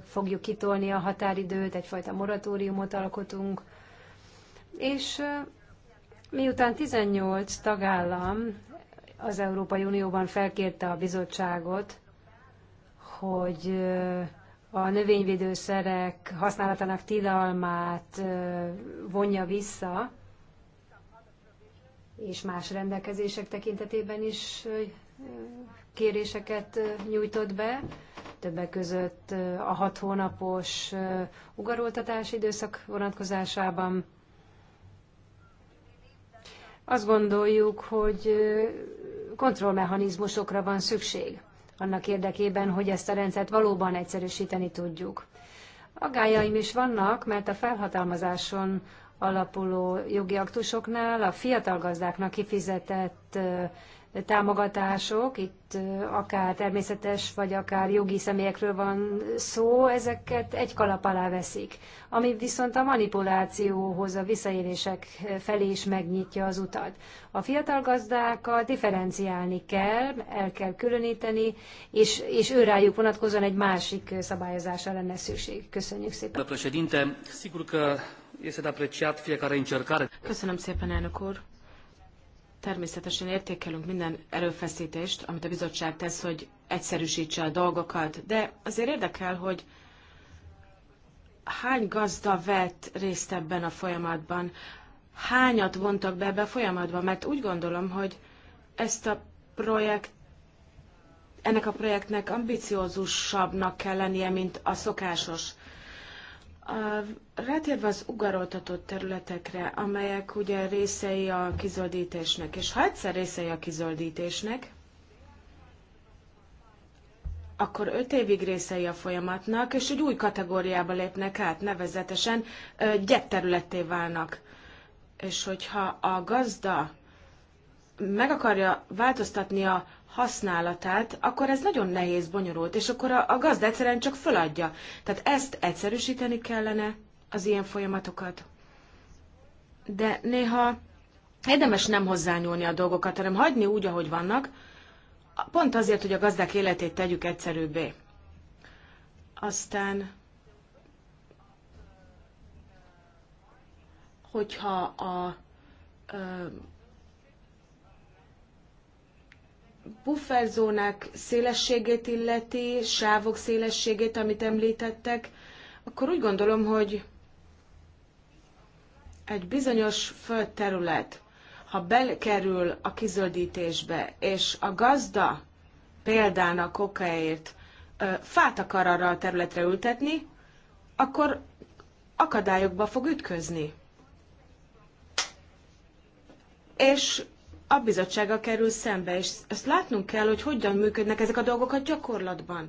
fogjuk kitolni a határidőt, egyfajta moratóriumot alkotunk, és miután 18 tagállam az Európai Unióban felkérte a bizottságot, hogy a növényvédőszerek használatának tilalmát vonja vissza, és más rendelkezések tekintetében is kéréseket nyújtott be, többek között a hat hónapos ugaroltatási időszak vonatkozásában. Azt gondoljuk, hogy kontrollmechanizmusokra van szükség annak érdekében, hogy ezt a rendszert valóban egyszerűsíteni tudjuk. Aggájaim is vannak, mert a felhatalmazáson alapuló jogi aktusoknál a fiatal gazdáknak kifizetett támogatások, itt akár természetes, vagy akár jogi személyekről van szó, ezeket egy kalap alá veszik. Ami viszont a manipulációhoz, a visszaélések felé is megnyitja az utat. A fiatal gazdákat differenciálni kell, el kell különíteni, és, és rájuk vonatkozóan egy másik szabályozásra lenne szükség. Köszönjük szépen. Köszönöm szépen, elnök úr. Természetesen értékelünk minden erőfeszítést, amit a bizottság tesz, hogy egyszerűsítse a dolgokat, de azért érdekel, hogy hány gazda vett részt ebben a folyamatban, hányat vontak be ebbe a folyamatba, mert úgy gondolom, hogy ezt a projekt, ennek a projektnek ambiciózusabbnak kell lennie, mint a szokásos Rátérve az ugaroltatott területekre, amelyek ugye részei a kizöldítésnek, és ha egyszer részei a kizöldítésnek, akkor öt évig részei a folyamatnak, és egy új kategóriába lépnek át, nevezetesen területté válnak. És hogyha a gazda meg akarja változtatni a használatát, akkor ez nagyon nehéz, bonyolult, és akkor a, a gazda egyszerűen csak föladja. Tehát ezt egyszerűsíteni kellene, az ilyen folyamatokat. De néha érdemes nem hozzányúlni a dolgokat, hanem hagyni úgy, ahogy vannak, pont azért, hogy a gazdák életét tegyük egyszerűbbé. Aztán, hogyha a pufferzónák szélességét illeti, sávok szélességét, amit említettek, akkor úgy gondolom, hogy egy bizonyos földterület, ha belkerül a kizöldítésbe, és a gazda példának okáért fát akar arra a területre ültetni, akkor akadályokba fog ütközni. És a bizottsággal kerül szembe, és ezt látnunk kell, hogy hogyan működnek ezek a dolgok a gyakorlatban.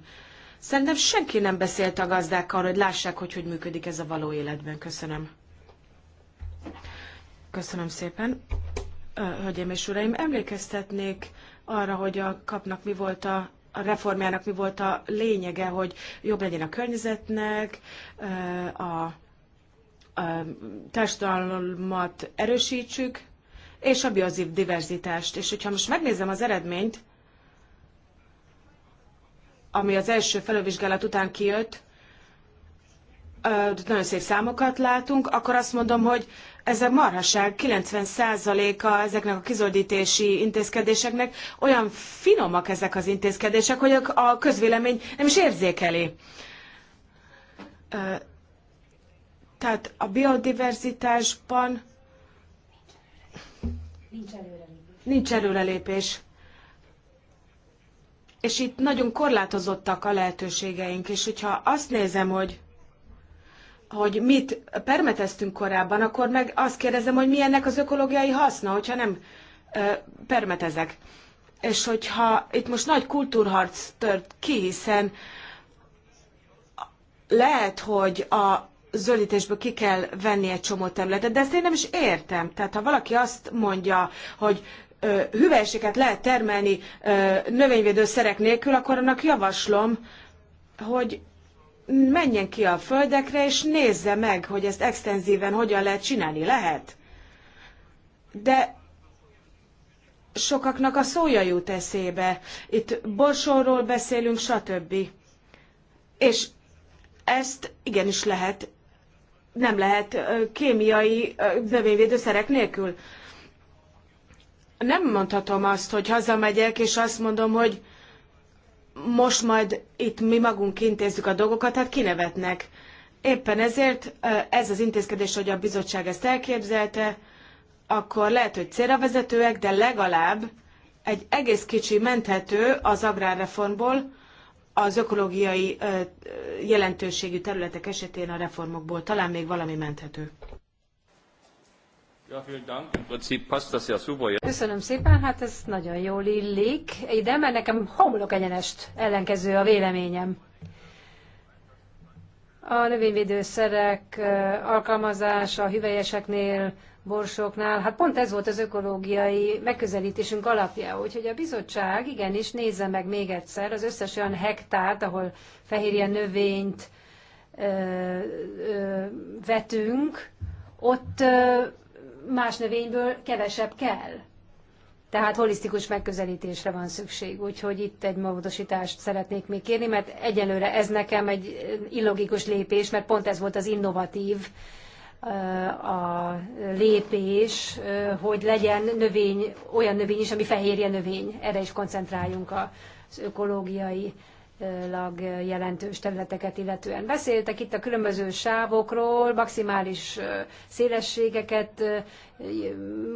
Szerintem senki nem beszélt a gazdákkal, hogy lássák, hogy hogy működik ez a való életben. Köszönöm. Köszönöm szépen. Hölgyeim és uraim, emlékeztetnék arra, hogy a kapnak mi volt a, a reformjának mi volt a lényege, hogy jobb legyen a környezetnek, a, a társadalmat erősítsük, és a diverzitást. És hogyha most megnézem az eredményt, ami az első felővizsgálat után kijött, nagyon szép számokat látunk, akkor azt mondom, hogy ez a marhaság 90%-a ezeknek a kizöldítési intézkedéseknek olyan finomak ezek az intézkedések, hogy a közvélemény nem is érzékeli. Tehát a biodiverzitásban Nincs előrelépés. Nincs előrelépés. És itt nagyon korlátozottak a lehetőségeink, és hogyha azt nézem, hogy hogy mit permeteztünk korábban, akkor meg azt kérdezem, hogy mi ennek az ökológiai haszna, hogyha nem ö, permetezek. És hogyha itt most nagy kultúrharc tört ki, hiszen lehet, hogy a zöldítésből ki kell venni egy csomó területet, de ezt én nem is értem. Tehát ha valaki azt mondja, hogy hüvelységet lehet termelni növényvédőszerek nélkül, akkor annak javaslom, hogy menjen ki a földekre, és nézze meg, hogy ezt extenzíven hogyan lehet csinálni. Lehet. De sokaknak a szója jut eszébe. Itt borsóról beszélünk, stb. És ezt igenis lehet nem lehet kémiai növényvédőszerek nélkül. Nem mondhatom azt, hogy hazamegyek, és azt mondom, hogy most majd itt mi magunk intézzük a dolgokat, Tehát kinevetnek. Éppen ezért ez az intézkedés, hogy a bizottság ezt elképzelte, akkor lehet, hogy célra vezetőek, de legalább egy egész kicsi menthető az agrárreformból, az ökológiai jelentőségű területek esetén a reformokból talán még valami menthető. Köszönöm szépen, hát ez nagyon jól illik ide, mert nekem homlok egyenest ellenkező a véleményem. A növényvédőszerek alkalmazása a hüvelyeseknél, borsoknál. Hát pont ez volt az ökológiai megközelítésünk alapja, úgyhogy a bizottság igenis nézze meg még egyszer az összes olyan hektárt, ahol fehérje növényt ö, ö, vetünk, ott ö, más növényből kevesebb kell. Tehát holisztikus megközelítésre van szükség, úgyhogy itt egy módosítást szeretnék még kérni, mert egyelőre ez nekem egy illogikus lépés, mert pont ez volt az innovatív a lépés, hogy legyen növény, olyan növény is, ami fehérje növény. Erre is koncentráljunk az ökológiai jelentős területeket illetően. Beszéltek itt a különböző sávokról, maximális szélességeket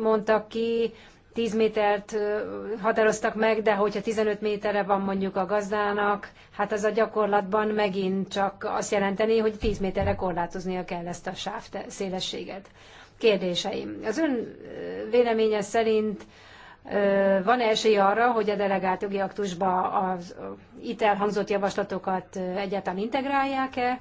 mondtak ki, 10 métert határoztak meg, de hogyha 15 méterre van mondjuk a gazdának, hát az a gyakorlatban megint csak azt jelenteni, hogy 10 méterre korlátoznia kell ezt a sáv szélességet. Kérdéseim. Az ön véleménye szerint van-e esély arra, hogy a delegált jogi aktusba az itt elhangzott javaslatokat egyáltalán integrálják-e,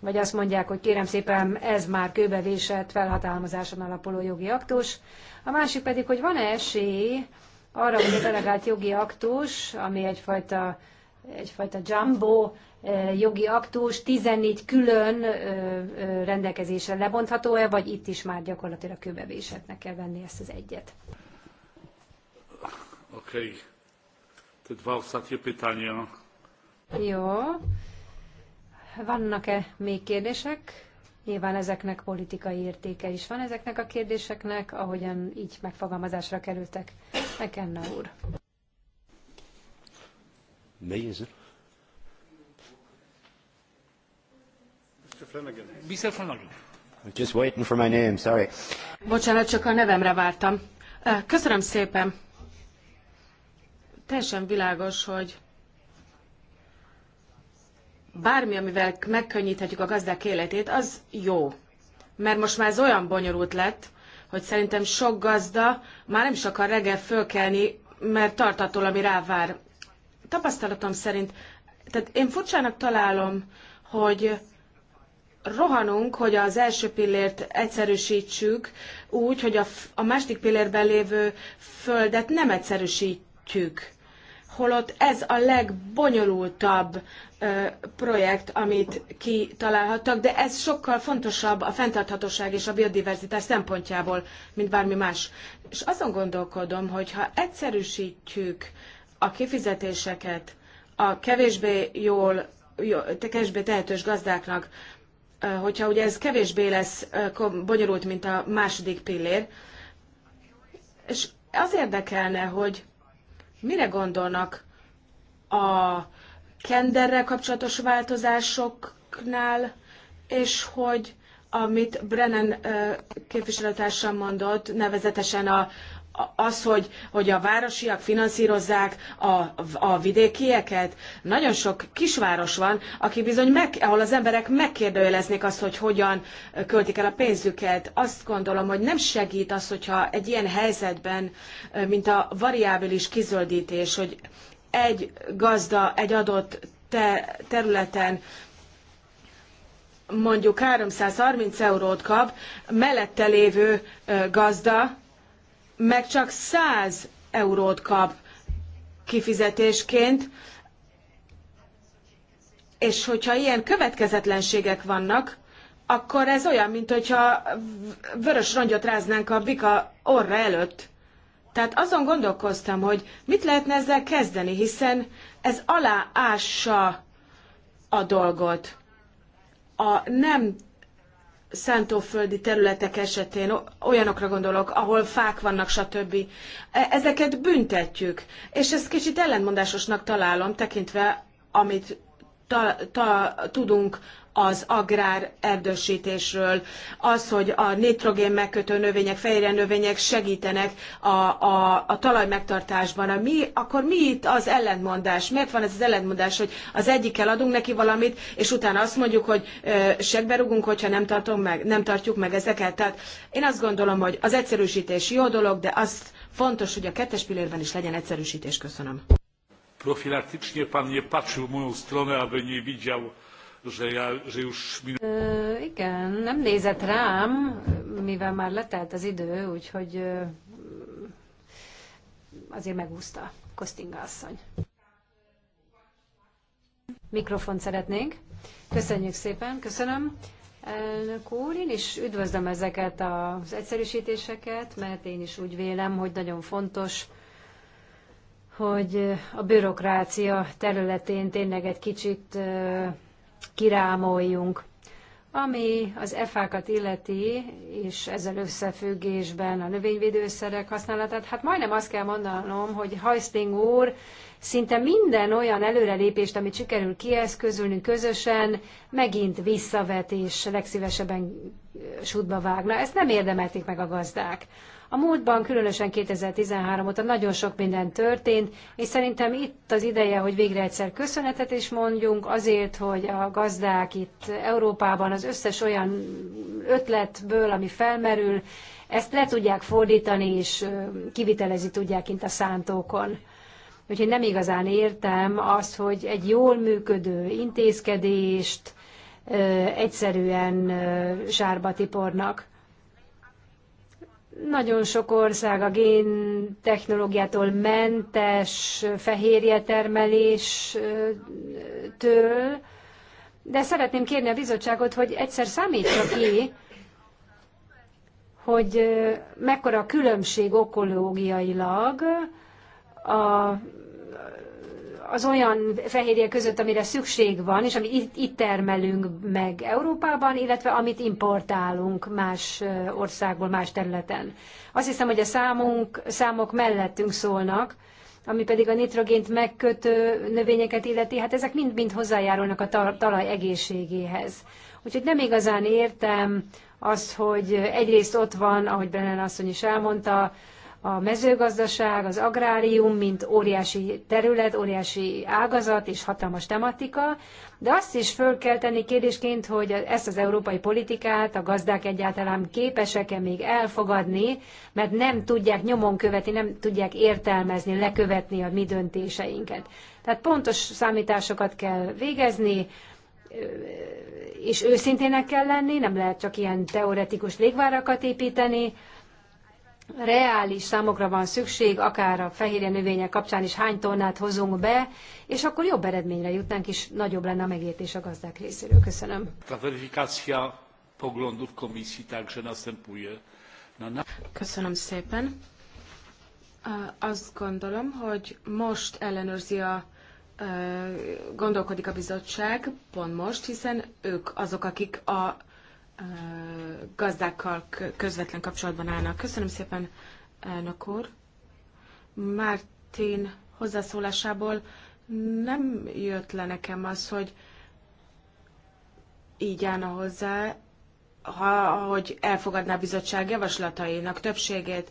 vagy azt mondják, hogy kérem szépen, ez már kőbevésett felhatalmazáson alapuló jogi aktus. A másik pedig, hogy van-e esély arra, hogy a delegált jogi aktus, ami egyfajta, egyfajta jumbo eh, jogi aktus, 14 külön rendelkezésre lebontható-e, vagy itt is már gyakorlatilag kőbevésetnek kell venni ezt az egyet? Oké. Okay. Te dwa ostatnie pytania. Jó. Vannak-e még kérdések? Nyilván ezeknek politikai értéke is van ezeknek a kérdéseknek, ahogyan így megfogalmazásra kerültek. na úr. Mr. Flanagan. Mr. Flanagan. Just waiting for my name, sorry. Bocsánat, csak a nevemre vártam. Köszönöm szépen. Teljesen világos, hogy bármi, amivel megkönnyíthetjük a gazdák életét, az jó. Mert most már ez olyan bonyolult lett, hogy szerintem sok gazda már nem is akar reggel fölkelni, mert tart attól, ami rávár. Tapasztalatom szerint, tehát én furcsának találom, hogy rohanunk, hogy az első pillért egyszerűsítsük úgy, hogy a, a második pillérben lévő földet nem egyszerűsítjük holott ez a legbonyolultabb projekt, amit kitalálhattak, de ez sokkal fontosabb a fenntarthatóság és a biodiverzitás szempontjából, mint bármi más. És azon gondolkodom, hogy ha egyszerűsítjük a kifizetéseket a kevésbé jól, te kevésbé tehetős gazdáknak, hogyha ugye ez kevésbé lesz bonyolult, mint a második pillér, és az érdekelne, hogy Mire gondolnak a kenderrel kapcsolatos változásoknál, és hogy amit Brennan képviselőtársam mondott, nevezetesen a az, hogy, hogy a városiak finanszírozzák a, a vidékieket. Nagyon sok kisváros van, aki bizony meg, ahol az emberek megkérdőjeleznék azt, hogy hogyan költik el a pénzüket. Azt gondolom, hogy nem segít az, hogyha egy ilyen helyzetben, mint a variábilis kizöldítés, hogy egy gazda egy adott te, területen mondjuk 330 eurót kap, mellette lévő gazda meg csak 100 eurót kap kifizetésként, és hogyha ilyen következetlenségek vannak, akkor ez olyan, mint hogyha vörös rongyot ráznánk a bika orra előtt. Tehát azon gondolkoztam, hogy mit lehetne ezzel kezdeni, hiszen ez aláássa a dolgot. A nem szántóföldi területek esetén, olyanokra gondolok, ahol fák vannak, stb. E- ezeket büntetjük, és ezt kicsit ellentmondásosnak találom, tekintve, amit ta, ta, tudunk az agrár erdősítésről, az, hogy a nitrogén megkötő növények, fehérje növények segítenek a, a, a talaj megtartásban. A mi, akkor mi itt az ellentmondás? Miért van ez az ellentmondás, hogy az egyikkel adunk neki valamit, és utána azt mondjuk, hogy ö, segberugunk, hogyha nem, tartom meg, nem tartjuk meg ezeket? Tehát én azt gondolom, hogy az egyszerűsítés jó dolog, de azt fontos, hogy a kettes pillérben is legyen egyszerűsítés. Köszönöm. Profilaktycznie pan nie patrzył w moją stronę, aby nie widział że już Ö, igen, nem nézett rám, mivel már letelt az idő, úgyhogy ö, azért megúszta Kostinga asszony. Mikrofont szeretnénk. Köszönjük szépen, köszönöm. Elnök úr, én is üdvözlöm ezeket az egyszerűsítéseket, mert én is úgy vélem, hogy nagyon fontos, hogy a bürokrácia területén tényleg egy kicsit kirámoljunk. Ami az FA-kat illeti, és ezzel összefüggésben a növényvédőszerek használatát, hát majdnem azt kell mondanom, hogy Heisting úr szinte minden olyan előrelépést, amit sikerül kieszközölnünk közösen, megint visszavet és legszívesebben sútba vágna. Ezt nem érdemelték meg a gazdák. A múltban, különösen 2013 óta nagyon sok minden történt, és szerintem itt az ideje, hogy végre egyszer köszönetet is mondjunk azért, hogy a gazdák itt Európában az összes olyan ötletből, ami felmerül, ezt le tudják fordítani, és kivitelezi tudják itt a szántókon. Úgyhogy nem igazán értem azt, hogy egy jól működő intézkedést egyszerűen sárba tipornak. Nagyon sok ország a gén technológiától mentes fehérje termeléstől, de szeretném kérni a bizottságot, hogy egyszer számítsa ki, hogy mekkora a különbség okológiailag a az olyan fehérje között, amire szükség van, és amit itt, itt termelünk meg Európában, illetve amit importálunk más országból, más területen. Azt hiszem, hogy a számunk, számok mellettünk szólnak, ami pedig a nitrogént megkötő növényeket illeti, hát ezek mind-mind hozzájárulnak a talaj egészségéhez. Úgyhogy nem igazán értem azt, hogy egyrészt ott van, ahogy Brennan asszony is elmondta, a mezőgazdaság, az agrárium, mint óriási terület, óriási ágazat és hatalmas tematika, de azt is föl kell tenni kérdésként, hogy ezt az európai politikát a gazdák egyáltalán képesek-e még elfogadni, mert nem tudják nyomon követni, nem tudják értelmezni, lekövetni a mi döntéseinket. Tehát pontos számításokat kell végezni, és őszintének kell lenni, nem lehet csak ilyen teoretikus légvárakat építeni, reális számokra van szükség, akár a fehérje növények kapcsán is hány tonnát hozunk be, és akkor jobb eredményre jutnánk, és nagyobb lenne a megértés a gazdák részéről. Köszönöm. Köszönöm szépen. Azt gondolom, hogy most ellenőrzi a gondolkodik a bizottság, pont most, hiszen ők azok, akik a gazdákkal közvetlen kapcsolatban állnak. Köszönöm szépen, elnök úr. Mártin hozzászólásából nem jött le nekem az, hogy így állna hozzá, ha, hogy elfogadná a bizottság javaslatainak többségét.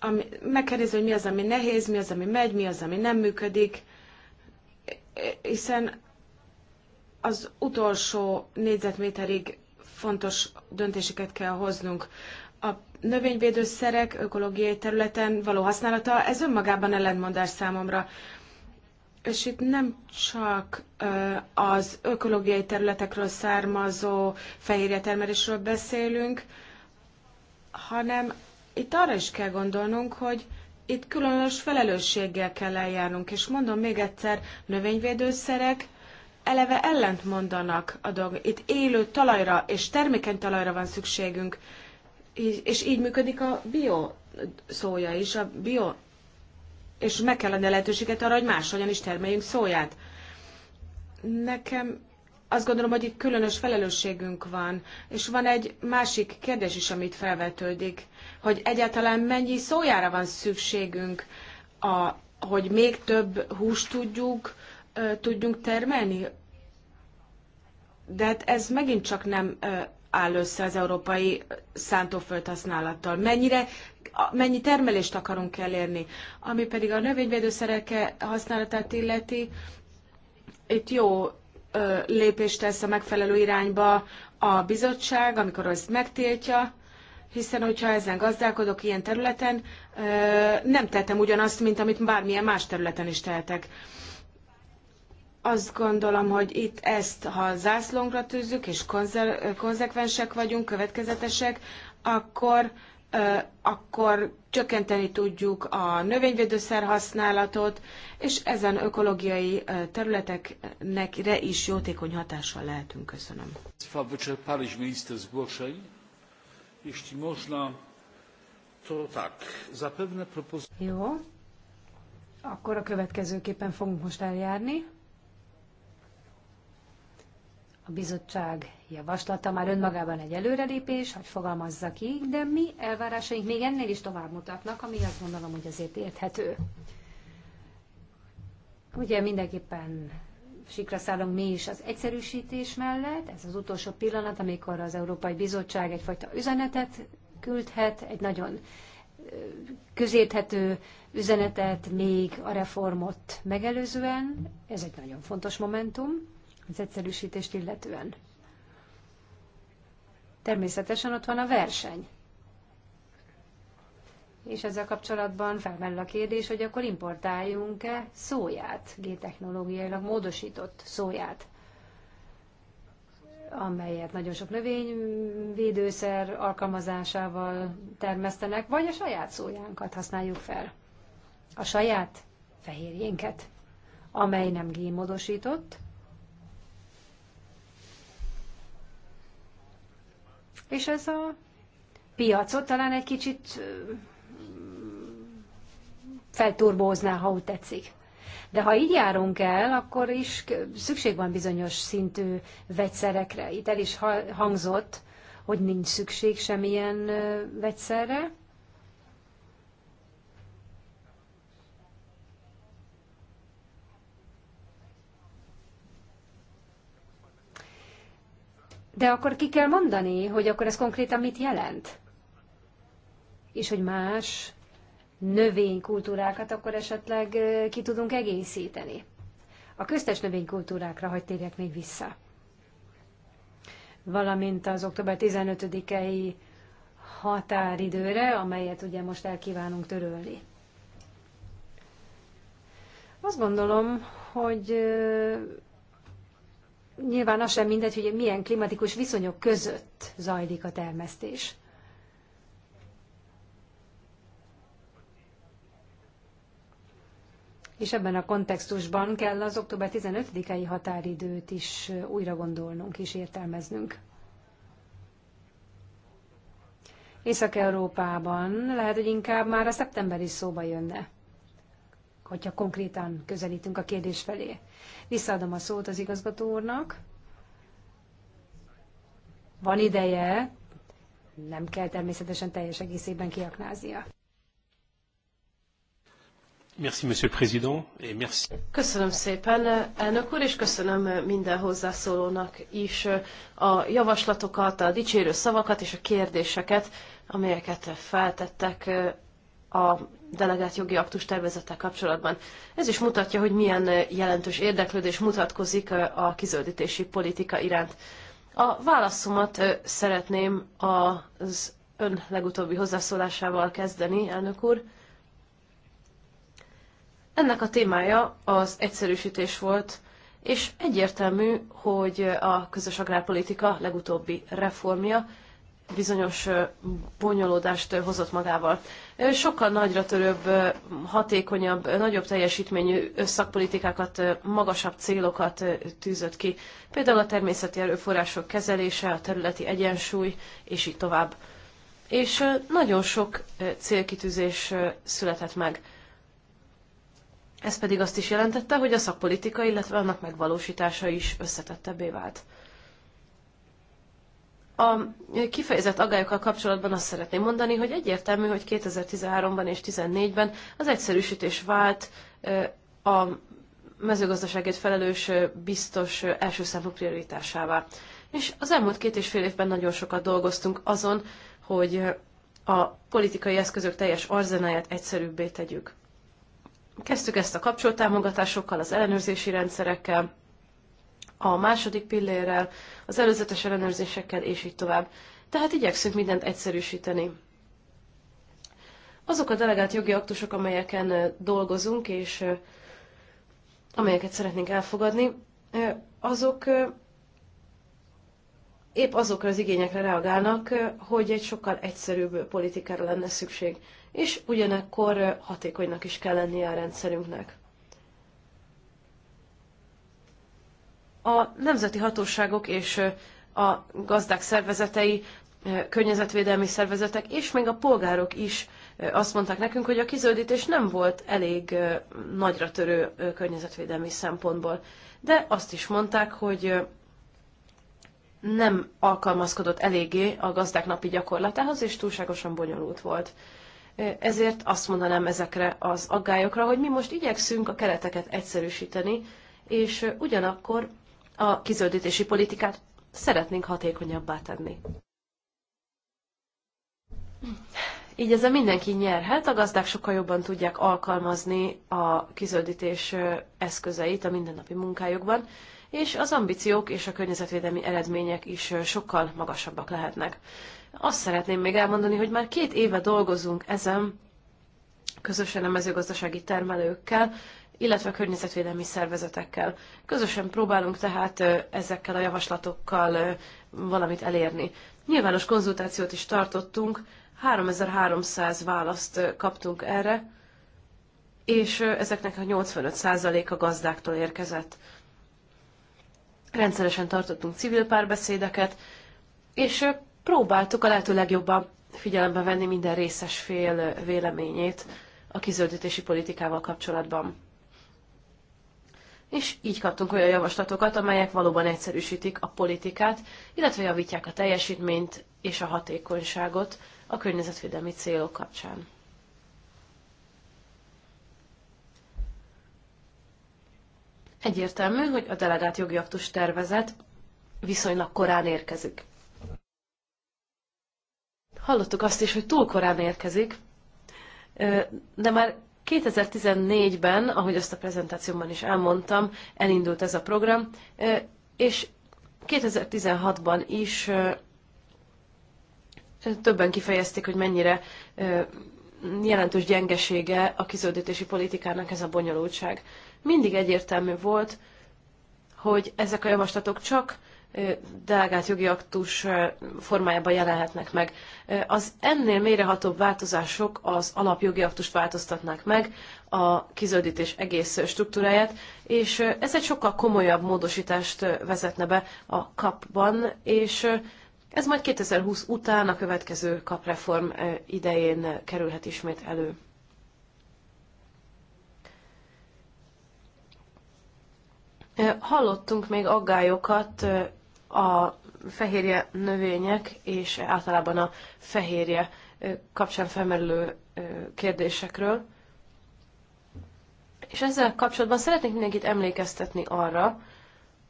Ami, meg kell nézni, hogy mi az, ami nehéz, mi az, ami megy, mi az, ami nem működik, hiszen az utolsó négyzetméterig fontos döntéseket kell hoznunk. A növényvédőszerek ökológiai területen való használata, ez önmagában ellentmondás számomra. És itt nem csak az ökológiai területekről származó fehérjetermelésről beszélünk, hanem itt arra is kell gondolnunk, hogy itt különös felelősséggel kell eljárnunk. És mondom még egyszer, növényvédőszerek eleve ellent mondanak a dolgok. Itt élő talajra és termékeny talajra van szükségünk, és így működik a bio szója is, a bio, és meg kell adni a lehetőséget arra, hogy máshogyan is termeljünk szóját. Nekem azt gondolom, hogy itt különös felelősségünk van, és van egy másik kérdés is, amit felvetődik, hogy egyáltalán mennyi szójára van szükségünk, a, hogy még több húst tudjuk, tudjunk termelni. De hát ez megint csak nem áll össze az európai szántóföld használattal. Mennyire, mennyi termelést akarunk elérni. Ami pedig a növényvédőszerek használatát illeti, itt jó lépést tesz a megfelelő irányba a bizottság, amikor ezt megtiltja, hiszen hogyha ezen gazdálkodok ilyen területen, nem tettem ugyanazt, mint amit bármilyen más területen is tehetek azt gondolom, hogy itt ezt, ha zászlónkra tűzzük, és konzer- konzekvensek vagyunk, következetesek, akkor, akkor csökkenteni tudjuk a növényvédőszer használatot, és ezen ökológiai területeknek re is jótékony hatással lehetünk. Köszönöm. Wyczerpaliśmy listę zgłoszeń. Jeśli można, to tak, zapewne propozycje. Jó, akkor a következőképpen fogunk most eljárni. A bizottság javaslata már önmagában egy előrelépés, hogy fogalmazza ki de mi elvárásaink még ennél is tovább mutatnak, ami azt gondolom, hogy azért érthető. Ugye mindenképpen sikra szállunk mi is az egyszerűsítés mellett. Ez az utolsó pillanat, amikor az Európai Bizottság egyfajta üzenetet küldhet, egy nagyon közérthető üzenetet még a reformot megelőzően. Ez egy nagyon fontos momentum az egyszerűsítést illetően. Természetesen ott van a verseny. És ezzel kapcsolatban felmerül a kérdés, hogy akkor importáljunk-e szóját, géteknológiailag módosított szóját, amelyet nagyon sok növényvédőszer alkalmazásával termesztenek, vagy a saját szójánkat használjuk fel. A saját fehérjénket, amely nem génmódosított, és ez a piacot talán egy kicsit felturbózná, ha úgy tetszik. De ha így járunk el, akkor is szükség van bizonyos szintű vegyszerekre. Itt el is hangzott, hogy nincs szükség semmilyen vegyszerre, De akkor ki kell mondani, hogy akkor ez konkrétan mit jelent? És hogy más növénykultúrákat akkor esetleg ki tudunk egészíteni. A köztes növénykultúrákra hagy térjek még vissza. Valamint az október 15-i határidőre, amelyet ugye most elkívánunk törölni. Azt gondolom, hogy nyilván az sem mindegy, hogy milyen klimatikus viszonyok között zajlik a termesztés. És ebben a kontextusban kell az október 15-i határidőt is újra gondolnunk és értelmeznünk. Észak-Európában lehet, hogy inkább már a szeptember is szóba jönne hogyha konkrétan közelítünk a kérdés felé. Visszaadom a szót az igazgató úrnak. Van ideje, nem kell természetesen teljes egészében kiaknáznia. Merci, Monsieur le Président, et merci. Köszönöm szépen, elnök úr, és köszönöm minden hozzászólónak is a javaslatokat, a dicsérő szavakat és a kérdéseket, amelyeket feltettek a delegált jogi aktus tervezettel kapcsolatban. Ez is mutatja, hogy milyen jelentős érdeklődés mutatkozik a kizöldítési politika iránt. A válaszomat szeretném az ön legutóbbi hozzászólásával kezdeni, elnök úr. Ennek a témája az egyszerűsítés volt, és egyértelmű, hogy a közös agrárpolitika legutóbbi reformja bizonyos bonyolódást hozott magával sokkal nagyra törőbb, hatékonyabb, nagyobb teljesítményű szakpolitikákat, magasabb célokat tűzött ki. Például a természeti erőforrások kezelése, a területi egyensúly, és így tovább. És nagyon sok célkitűzés született meg. Ez pedig azt is jelentette, hogy a szakpolitika, illetve annak megvalósítása is összetettebbé vált. A kifejezett agályokkal kapcsolatban azt szeretném mondani, hogy egyértelmű, hogy 2013-ban és 2014-ben az egyszerűsítés vált a mezőgazdaságért felelős biztos első számú prioritásává. És az elmúlt két és fél évben nagyon sokat dolgoztunk azon, hogy a politikai eszközök teljes arzenáját egyszerűbbé tegyük. Kezdtük ezt a kapcsoltámogatásokkal, az ellenőrzési rendszerekkel, a második pillérrel, az előzetes ellenőrzésekkel, és így tovább. Tehát igyekszünk mindent egyszerűsíteni. Azok a delegált jogi aktusok, amelyeken dolgozunk, és amelyeket szeretnénk elfogadni, azok épp azokra az igényekre reagálnak, hogy egy sokkal egyszerűbb politikára lenne szükség, és ugyanekkor hatékonynak is kell lennie a rendszerünknek. A nemzeti hatóságok és a gazdák szervezetei, környezetvédelmi szervezetek és még a polgárok is azt mondták nekünk, hogy a kizöldítés nem volt elég nagyra törő környezetvédelmi szempontból. De azt is mondták, hogy nem alkalmazkodott eléggé a gazdák napi gyakorlatához, és túlságosan bonyolult volt. Ezért azt mondanám ezekre az aggályokra, hogy mi most igyekszünk a kereteket egyszerűsíteni, és ugyanakkor a kizöldítési politikát szeretnénk hatékonyabbá tenni. Így ezzel mindenki nyerhet, a gazdák sokkal jobban tudják alkalmazni a kizöldítés eszközeit a mindennapi munkájukban, és az ambíciók és a környezetvédelmi eredmények is sokkal magasabbak lehetnek. Azt szeretném még elmondani, hogy már két éve dolgozunk ezen, közösen a mezőgazdasági termelőkkel, illetve a környezetvédelmi szervezetekkel. Közösen próbálunk tehát ezekkel a javaslatokkal valamit elérni. Nyilvános konzultációt is tartottunk, 3300 választ kaptunk erre, és ezeknek a 85% a gazdáktól érkezett. Rendszeresen tartottunk civil párbeszédeket, és próbáltuk a lehető legjobban figyelembe venni minden részes fél véleményét a kizöldítési politikával kapcsolatban és így kaptunk olyan javaslatokat, amelyek valóban egyszerűsítik a politikát, illetve javítják a teljesítményt és a hatékonyságot a környezetvédelmi célok kapcsán. Egyértelmű, hogy a delegált jogi aktus tervezet viszonylag korán érkezik. Hallottuk azt is, hogy túl korán érkezik, de már 2014-ben, ahogy azt a prezentációban is elmondtam, elindult ez a program, és 2016-ban is többen kifejezték, hogy mennyire jelentős gyengesége a kizöldítési politikának ez a bonyolultság. Mindig egyértelmű volt, hogy ezek a javaslatok csak delegált jogi aktus formájában jelenhetnek meg. Az ennél mélyrehatóbb változások az alapjogi aktust változtatnák meg, a kizöldítés egész struktúráját, és ez egy sokkal komolyabb módosítást vezetne be a kapban, és ez majd 2020 után a következő kapreform idején kerülhet ismét elő. Hallottunk még aggályokat a fehérje növények és általában a fehérje kapcsán felmerülő kérdésekről. És ezzel kapcsolatban szeretnék mindenkit emlékeztetni arra,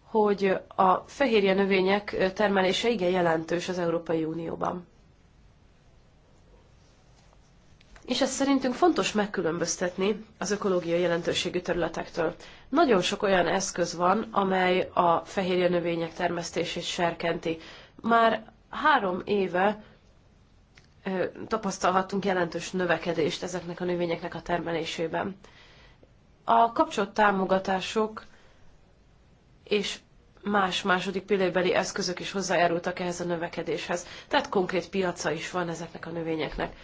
hogy a fehérje növények termelése igen jelentős az Európai Unióban. és ezt szerintünk fontos megkülönböztetni az ökológiai jelentőségű területektől. Nagyon sok olyan eszköz van, amely a fehérje növények termesztését serkenti. Már három éve tapasztalhattunk jelentős növekedést ezeknek a növényeknek a termelésében. A kapcsolt támogatások és más második pillérbeli eszközök is hozzájárultak ehhez a növekedéshez. Tehát konkrét piaca is van ezeknek a növényeknek.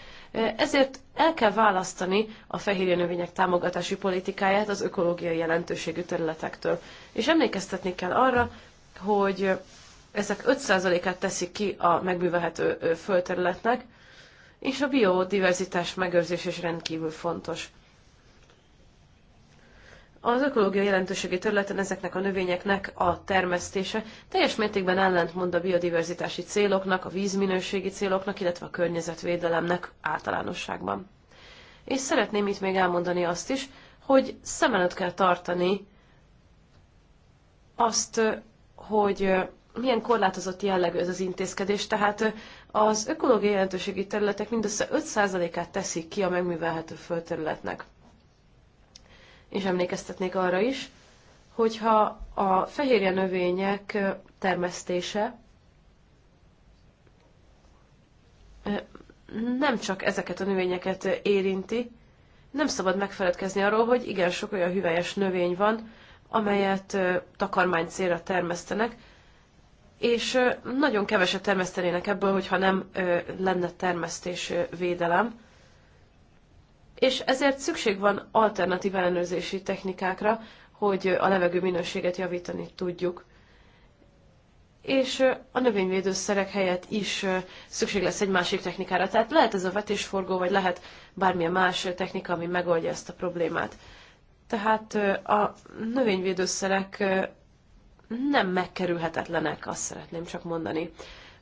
Ezért el kell választani a fehérje növények támogatási politikáját az ökológiai jelentőségű területektől. És emlékeztetni kell arra, hogy ezek 5%-át teszik ki a megművelhető földterületnek, és a biodiverzitás megőrzés is rendkívül fontos. Az ökológiai jelentőségi területen ezeknek a növényeknek a termesztése teljes mértékben ellentmond a biodiverzitási céloknak, a vízminőségi céloknak, illetve a környezetvédelemnek általánosságban. És szeretném itt még elmondani azt is, hogy szem előtt kell tartani azt, hogy milyen korlátozott jellegű ez az intézkedés, tehát az ökológiai jelentőségi területek mindössze 5%-át teszik ki a megművelhető földterületnek és emlékeztetnék arra is, hogyha a fehérje növények termesztése nem csak ezeket a növényeket érinti, nem szabad megfeledkezni arról, hogy igen sok olyan hüvelyes növény van, amelyet takarmány célra termesztenek, és nagyon keveset termesztenének ebből, hogyha nem lenne termesztés védelem és ezért szükség van alternatív ellenőrzési technikákra, hogy a levegő minőséget javítani tudjuk. És a növényvédőszerek helyett is szükség lesz egy másik technikára. Tehát lehet ez a vetésforgó, vagy lehet bármilyen más technika, ami megoldja ezt a problémát. Tehát a növényvédőszerek nem megkerülhetetlenek, azt szeretném csak mondani.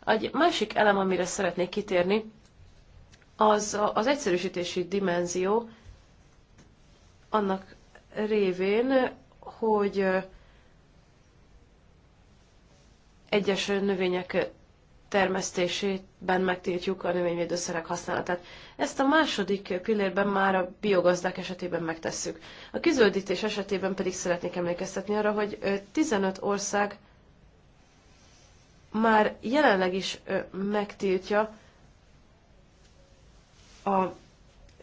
Egy másik elem, amire szeretnék kitérni, az, az egyszerűsítési dimenzió annak révén, hogy egyes növények termesztésében megtiltjuk a növényvédőszerek használatát. Ezt a második pillérben már a biogazdák esetében megtesszük. A kizöldítés esetében pedig szeretnék emlékeztetni arra, hogy 15 ország már jelenleg is megtiltja a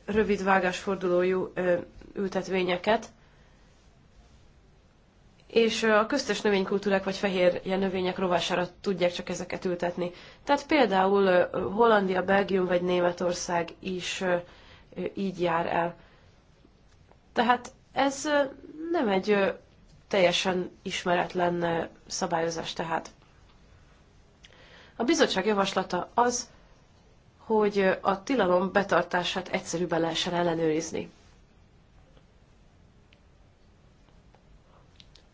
rövid vágásfordulójú ültetvényeket, és a köztes növénykultúrák vagy fehérje növények rovására tudják csak ezeket ültetni. Tehát például Hollandia, Belgium vagy Németország is így jár el. Tehát ez nem egy teljesen ismeretlen szabályozás tehát. A bizottság javaslata az, hogy a tilalom betartását egyszerűbben lehessen ellenőrizni.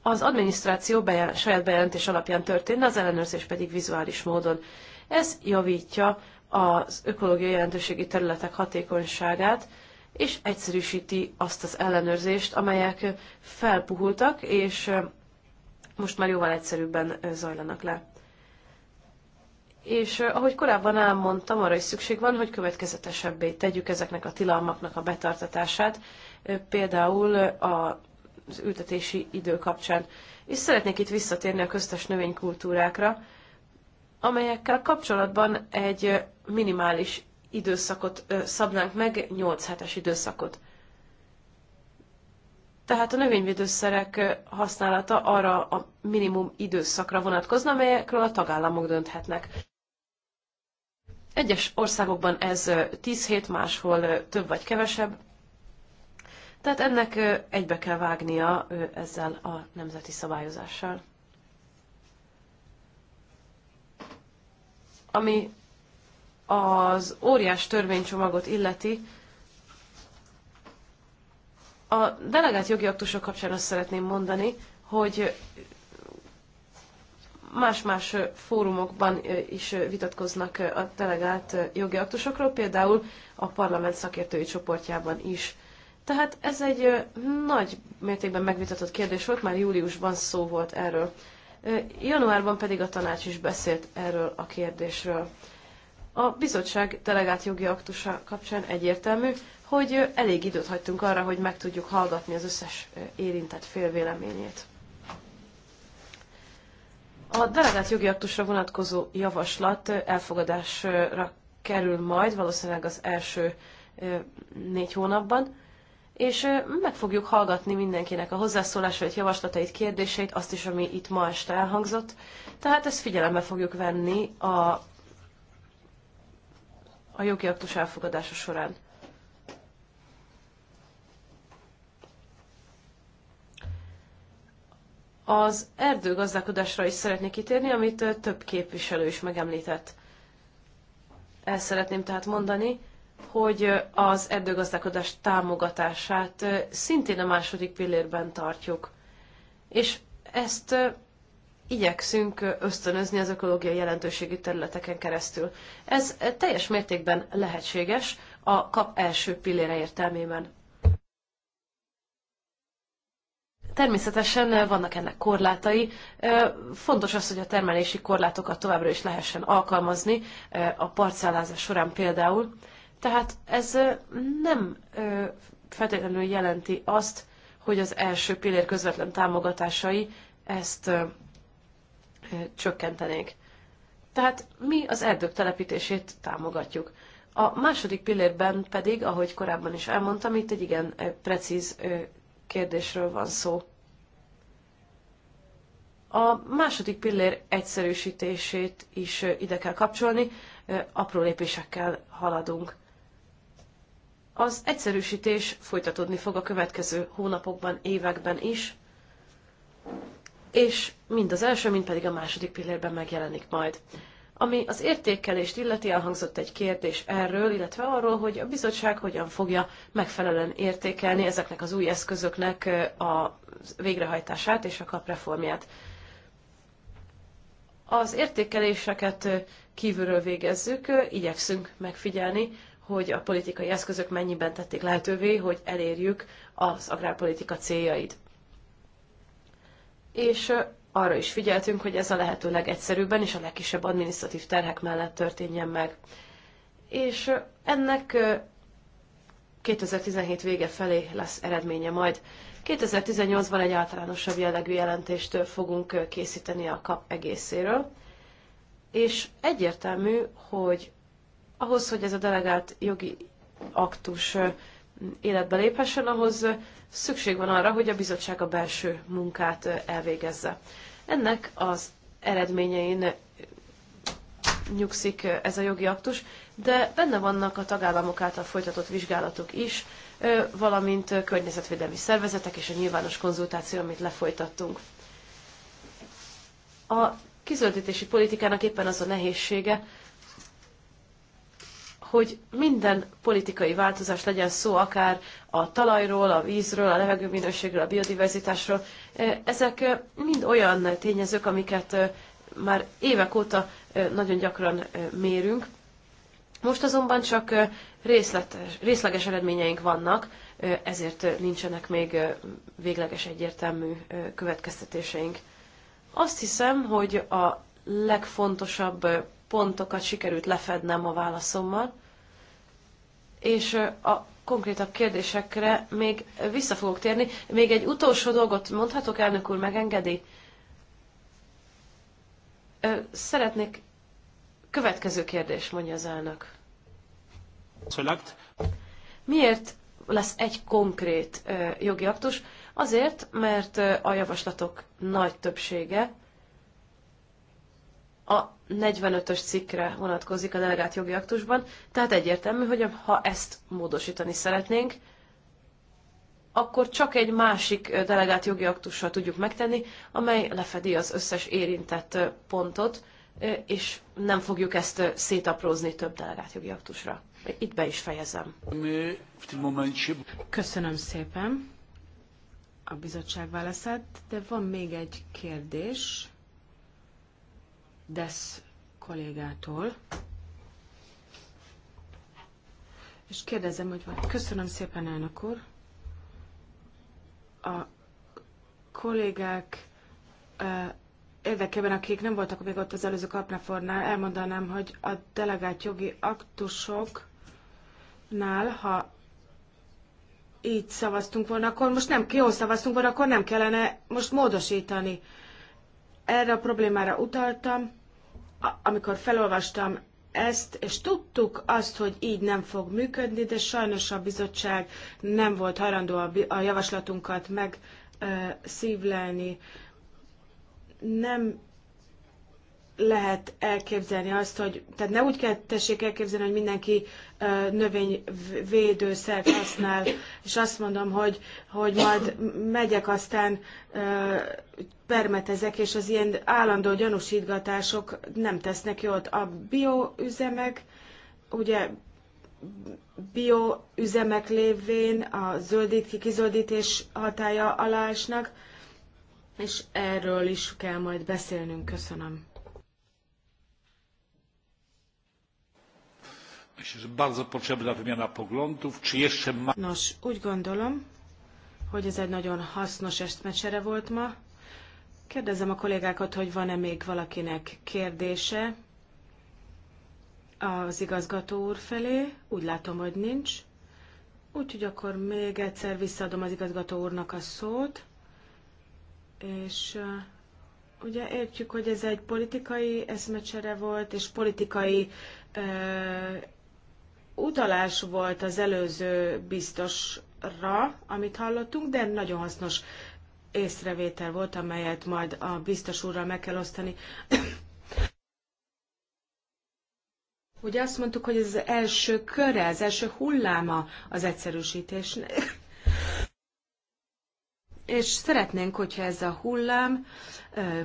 Az adminisztráció bejel, saját bejelentés alapján történne, az ellenőrzés pedig vizuális módon. Ez javítja az ökológiai jelentőségi területek hatékonyságát, és egyszerűsíti azt az ellenőrzést, amelyek felpuhultak, és most már jóval egyszerűbben zajlanak le és ahogy korábban elmondtam, arra is szükség van, hogy következetesebbé tegyük ezeknek a tilalmaknak a betartatását, például az ültetési idő kapcsán. És szeretnék itt visszatérni a köztes növénykultúrákra, amelyekkel kapcsolatban egy minimális időszakot szabnánk meg, 8 hetes időszakot. Tehát a növényvédőszerek használata arra a minimum időszakra vonatkozna, amelyekről a tagállamok dönthetnek. Egyes országokban ez 10 hét, máshol több vagy kevesebb. Tehát ennek egybe kell vágnia ezzel a nemzeti szabályozással. Ami az óriás törvénycsomagot illeti, a delegált jogi aktusok kapcsán azt szeretném mondani, hogy más-más fórumokban is vitatkoznak a delegált jogi aktusokról, például a parlament szakértői csoportjában is. Tehát ez egy nagy mértékben megvitatott kérdés volt, már júliusban szó volt erről. Januárban pedig a tanács is beszélt erről a kérdésről. A bizottság delegált jogi aktusa kapcsán egyértelmű, hogy elég időt hagytunk arra, hogy meg tudjuk hallgatni az összes érintett fél véleményét. A delegált jogi aktusra vonatkozó javaslat elfogadásra kerül majd, valószínűleg az első négy hónapban, és meg fogjuk hallgatni mindenkinek a hozzászólásait, javaslatait, kérdéseit, azt is, ami itt ma este elhangzott. Tehát ezt figyelembe fogjuk venni a, a jogi aktus elfogadása során. Az erdőgazdálkodásra is szeretnék kitérni, amit több képviselő is megemlített. El szeretném tehát mondani, hogy az erdőgazdálkodás támogatását szintén a második pillérben tartjuk. És ezt igyekszünk ösztönözni az ökológiai jelentőségi területeken keresztül. Ez teljes mértékben lehetséges a kap első pillére értelmében. Természetesen vannak ennek korlátai. Fontos az, hogy a termelési korlátokat továbbra is lehessen alkalmazni, a parcellázás során például. Tehát ez nem feltétlenül jelenti azt, hogy az első pillér közvetlen támogatásai ezt csökkentenék. Tehát mi az erdők telepítését támogatjuk. A második pillérben pedig, ahogy korábban is elmondtam, itt egy igen precíz kérdésről van szó. A második pillér egyszerűsítését is ide kell kapcsolni, apró lépésekkel haladunk. Az egyszerűsítés folytatódni fog a következő hónapokban, években is, és mind az első, mind pedig a második pillérben megjelenik majd. Ami az értékelést illeti, elhangzott egy kérdés erről, illetve arról, hogy a bizottság hogyan fogja megfelelően értékelni ezeknek az új eszközöknek a végrehajtását és a kapreformját. Az értékeléseket kívülről végezzük, igyekszünk megfigyelni, hogy a politikai eszközök mennyiben tették lehetővé, hogy elérjük az agrárpolitika céljait. És arra is figyeltünk, hogy ez a lehető legegyszerűbben és a legkisebb adminisztratív terhek mellett történjen meg. És ennek 2017 vége felé lesz eredménye majd. 2018-ban egy általánosabb jellegű jelentést fogunk készíteni a kap egészéről, és egyértelmű, hogy ahhoz, hogy ez a delegált jogi aktus életbe léphessen, ahhoz szükség van arra, hogy a bizottság a belső munkát elvégezze. Ennek az eredményein nyugszik ez a jogi aktus, de benne vannak a tagállamok által folytatott vizsgálatok is, valamint környezetvédelmi szervezetek és a nyilvános konzultáció, amit lefolytattunk. A kizöldítési politikának éppen az a nehézsége, hogy minden politikai változás legyen szó, akár a talajról, a vízről, a levegőminőségről, a biodiverzitásról, eh, ezek eh, mind olyan tényezők, amiket eh, már évek óta nagyon gyakran mérünk. Most azonban csak részletes, részleges eredményeink vannak, ezért nincsenek még végleges egyértelmű következtetéseink. Azt hiszem, hogy a legfontosabb pontokat sikerült lefednem a válaszommal, és a konkrétabb kérdésekre még vissza fogok térni. Még egy utolsó dolgot mondhatok, elnök úr, megengedi? Szeretnék következő kérdés, mondja az elnök. Miért lesz egy konkrét jogi aktus? Azért, mert a javaslatok nagy többsége a 45-ös cikkre vonatkozik a delegált jogi aktusban, tehát egyértelmű, hogy ha ezt módosítani szeretnénk, akkor csak egy másik delegált jogi aktussal tudjuk megtenni, amely lefedi az összes érintett pontot, és nem fogjuk ezt szétaprózni több delegált jogi aktusra. Itt be is fejezem. Köszönöm szépen a bizottság válaszát, de van még egy kérdés Desz kollégától. És kérdezem, hogy van. Köszönöm szépen, elnök úr. A kollégák érdekében, akik nem voltak még ott az előző kapnafornál, elmondanám, hogy a delegált jogi aktusoknál, ha így szavaztunk volna, akkor most nem, jó szavaztunk volna, akkor nem kellene most módosítani erre a problémára utaltam, amikor felolvastam ezt, és tudtuk azt, hogy így nem fog működni, de sajnos a bizottság nem volt hajlandó a javaslatunkat megszívlelni. Nem lehet elképzelni azt, hogy, tehát ne úgy kell tessék elképzelni, hogy mindenki növényvédőszert használ, és azt mondom, hogy, hogy majd megyek, aztán permetezek, és az ilyen állandó gyanúsítgatások nem tesznek jót. A bioüzemek, ugye bioüzemek lévén a zöldít, kizöldítés hatája alá esnek, és erről is kell majd beszélnünk. Köszönöm. bardzo potrzebna wymiana poglądów. Czy jeszcze ma... Nos, úgy gondolom, hogy ez egy nagyon hasznos estmecsere volt ma. Kérdezem a kollégákat, hogy van-e még valakinek kérdése az igazgató úr felé. Úgy látom, hogy nincs. Úgyhogy akkor még egyszer visszaadom az igazgató úrnak a szót, és uh, ugye értjük, hogy ez egy politikai eszmecsere volt, és politikai uh, utalás volt az előző biztosra, amit hallottunk, de nagyon hasznos észrevétel volt, amelyet majd a biztos úrral meg kell osztani. Ugye azt mondtuk, hogy ez az első köre, az első hulláma az egyszerűsítésnek. És szeretnénk, hogyha ez a hullám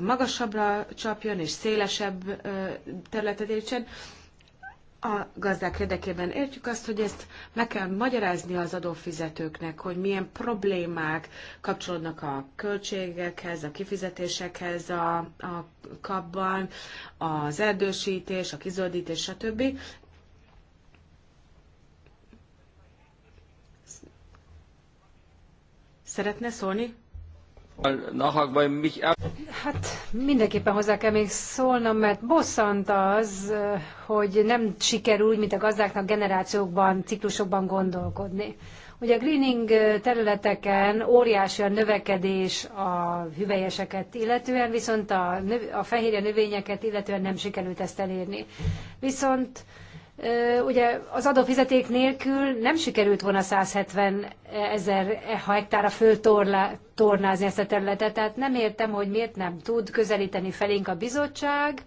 magasabbra csapjon és szélesebb területet értsen, a gazdák érdekében értjük azt, hogy ezt meg kell magyarázni az adófizetőknek, hogy milyen problémák kapcsolódnak a költségekhez, a kifizetésekhez a, a kapban, az erdősítés, a kizöldítés, stb. Szeretne szólni? Hát mindenképpen hozzá kell még szólnom, mert bosszant az, hogy nem sikerül úgy, mint a gazdáknak generációkban, ciklusokban gondolkodni. Ugye a greening területeken óriási a növekedés a hüvelyeseket illetően, viszont a, növ- a fehérje növényeket illetően nem sikerült ezt elérni. Viszont ugye az adófizeték nélkül nem sikerült volna 170 ezer hektára föltornázni ezt a területet, tehát nem értem, hogy miért nem tud közelíteni felénk a bizottság,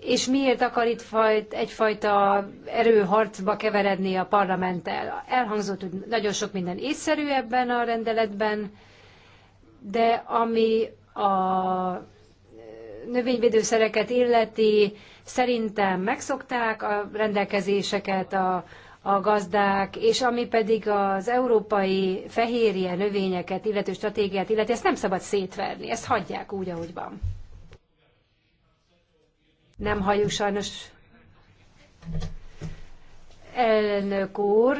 és miért akar itt fajt, egyfajta erőharcba keveredni a parlamenttel. Elhangzott, hogy nagyon sok minden észszerű ebben a rendeletben, de ami a növényvédőszereket illeti, Szerintem megszokták a rendelkezéseket a, a gazdák, és ami pedig az európai fehérje növényeket, illető stratégiát illeti, ezt nem szabad szétverni, ezt hagyják úgy, ahogy van. Nem halljuk sajnos. Elnök úr,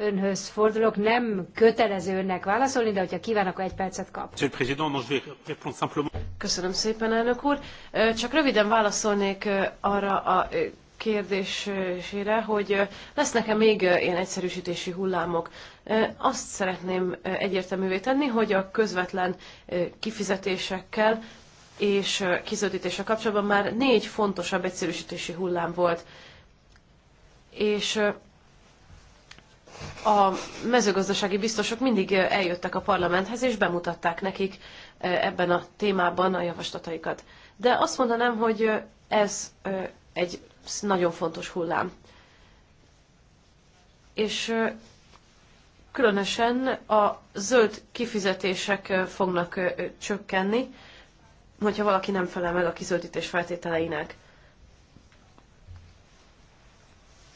önhöz fordulok, nem kötelező önnek válaszolni, de hogyha kíván, akkor egy percet kap. Köszönöm szépen, elnök úr. Csak röviden válaszolnék arra a kérdésére, hogy lesznek-e még ilyen egyszerűsítési hullámok. Azt szeretném egyértelművé tenni, hogy a közvetlen kifizetésekkel és kizöldítése kapcsolatban már négy fontosabb egyszerűsítési hullám volt. És a mezőgazdasági biztosok mindig eljöttek a parlamenthez, és bemutatták nekik ebben a témában a javaslataikat. De azt mondanám, hogy ez egy nagyon fontos hullám. És különösen a zöld kifizetések fognak csökkenni, hogyha valaki nem felel meg a kizöldítés feltételeinek.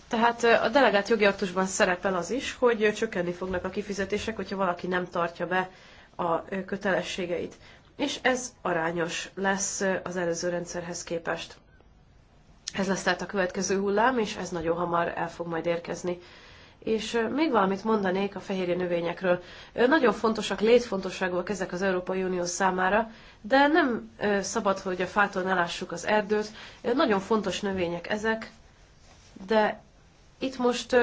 Tehát a delegált jogi aktusban szerepel az is, hogy csökkenni fognak a kifizetések, hogyha valaki nem tartja be a kötelességeit. És ez arányos lesz az előző rendszerhez képest. Ez lesz tehát a következő hullám, és ez nagyon hamar el fog majd érkezni. És még valamit mondanék a fehérje növényekről. Nagyon fontosak, létfontosságúak ezek az Európai Unió számára, de nem szabad, hogy a fától ne lássuk az erdőt. Nagyon fontos növények ezek, de itt most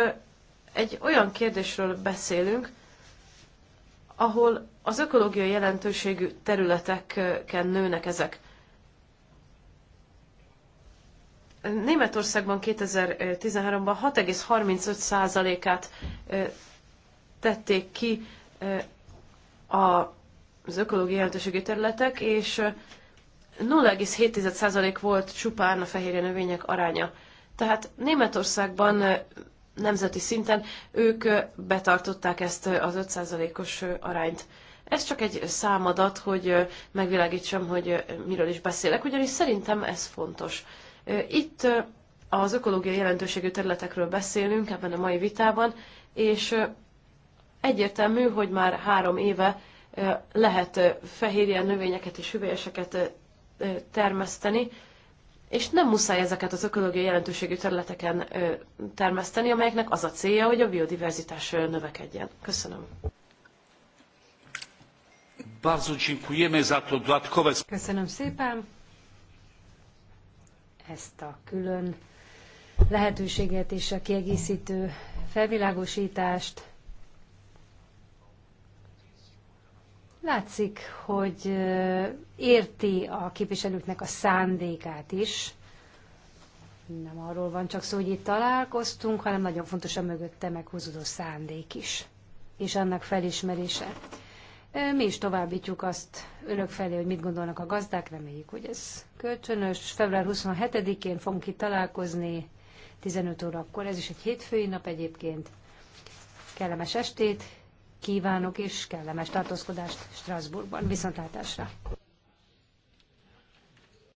egy olyan kérdésről beszélünk, ahol az ökológiai jelentőségű területeken nőnek ezek. Németországban 2013-ban 6,35%-át tették ki az ökológiai jelentőségű területek, és 0,7% volt csupán a fehérje növények aránya. Tehát Németországban nemzeti szinten ők betartották ezt az 5%-os arányt. Ez csak egy számadat, hogy megvilágítsam, hogy miről is beszélek, ugyanis szerintem ez fontos. Itt az ökológiai jelentőségű területekről beszélünk ebben a mai vitában, és egyértelmű, hogy már három éve lehet fehérjen növényeket és hüvelyeseket termeszteni, és nem muszáj ezeket az ökológiai jelentőségű területeken termeszteni, amelyeknek az a célja, hogy a biodiverzitás növekedjen. Köszönöm. Köszönöm szépen ezt a külön lehetőséget és a kiegészítő felvilágosítást. Látszik, hogy érti a képviselőknek a szándékát is. Nem arról van csak szó, hogy itt találkoztunk, hanem nagyon fontos a mögötte meghúzódó szándék is, és annak felismerése. Mi is továbbítjuk azt önök felé, hogy mit gondolnak a gazdák, reméljük, hogy ez kölcsönös. Február 27-én fogunk itt találkozni, 15 órakor, ez is egy hétfői nap egyébként. Kellemes estét! kívánok, és kellemes tartózkodást Strasbourgban. Viszontlátásra!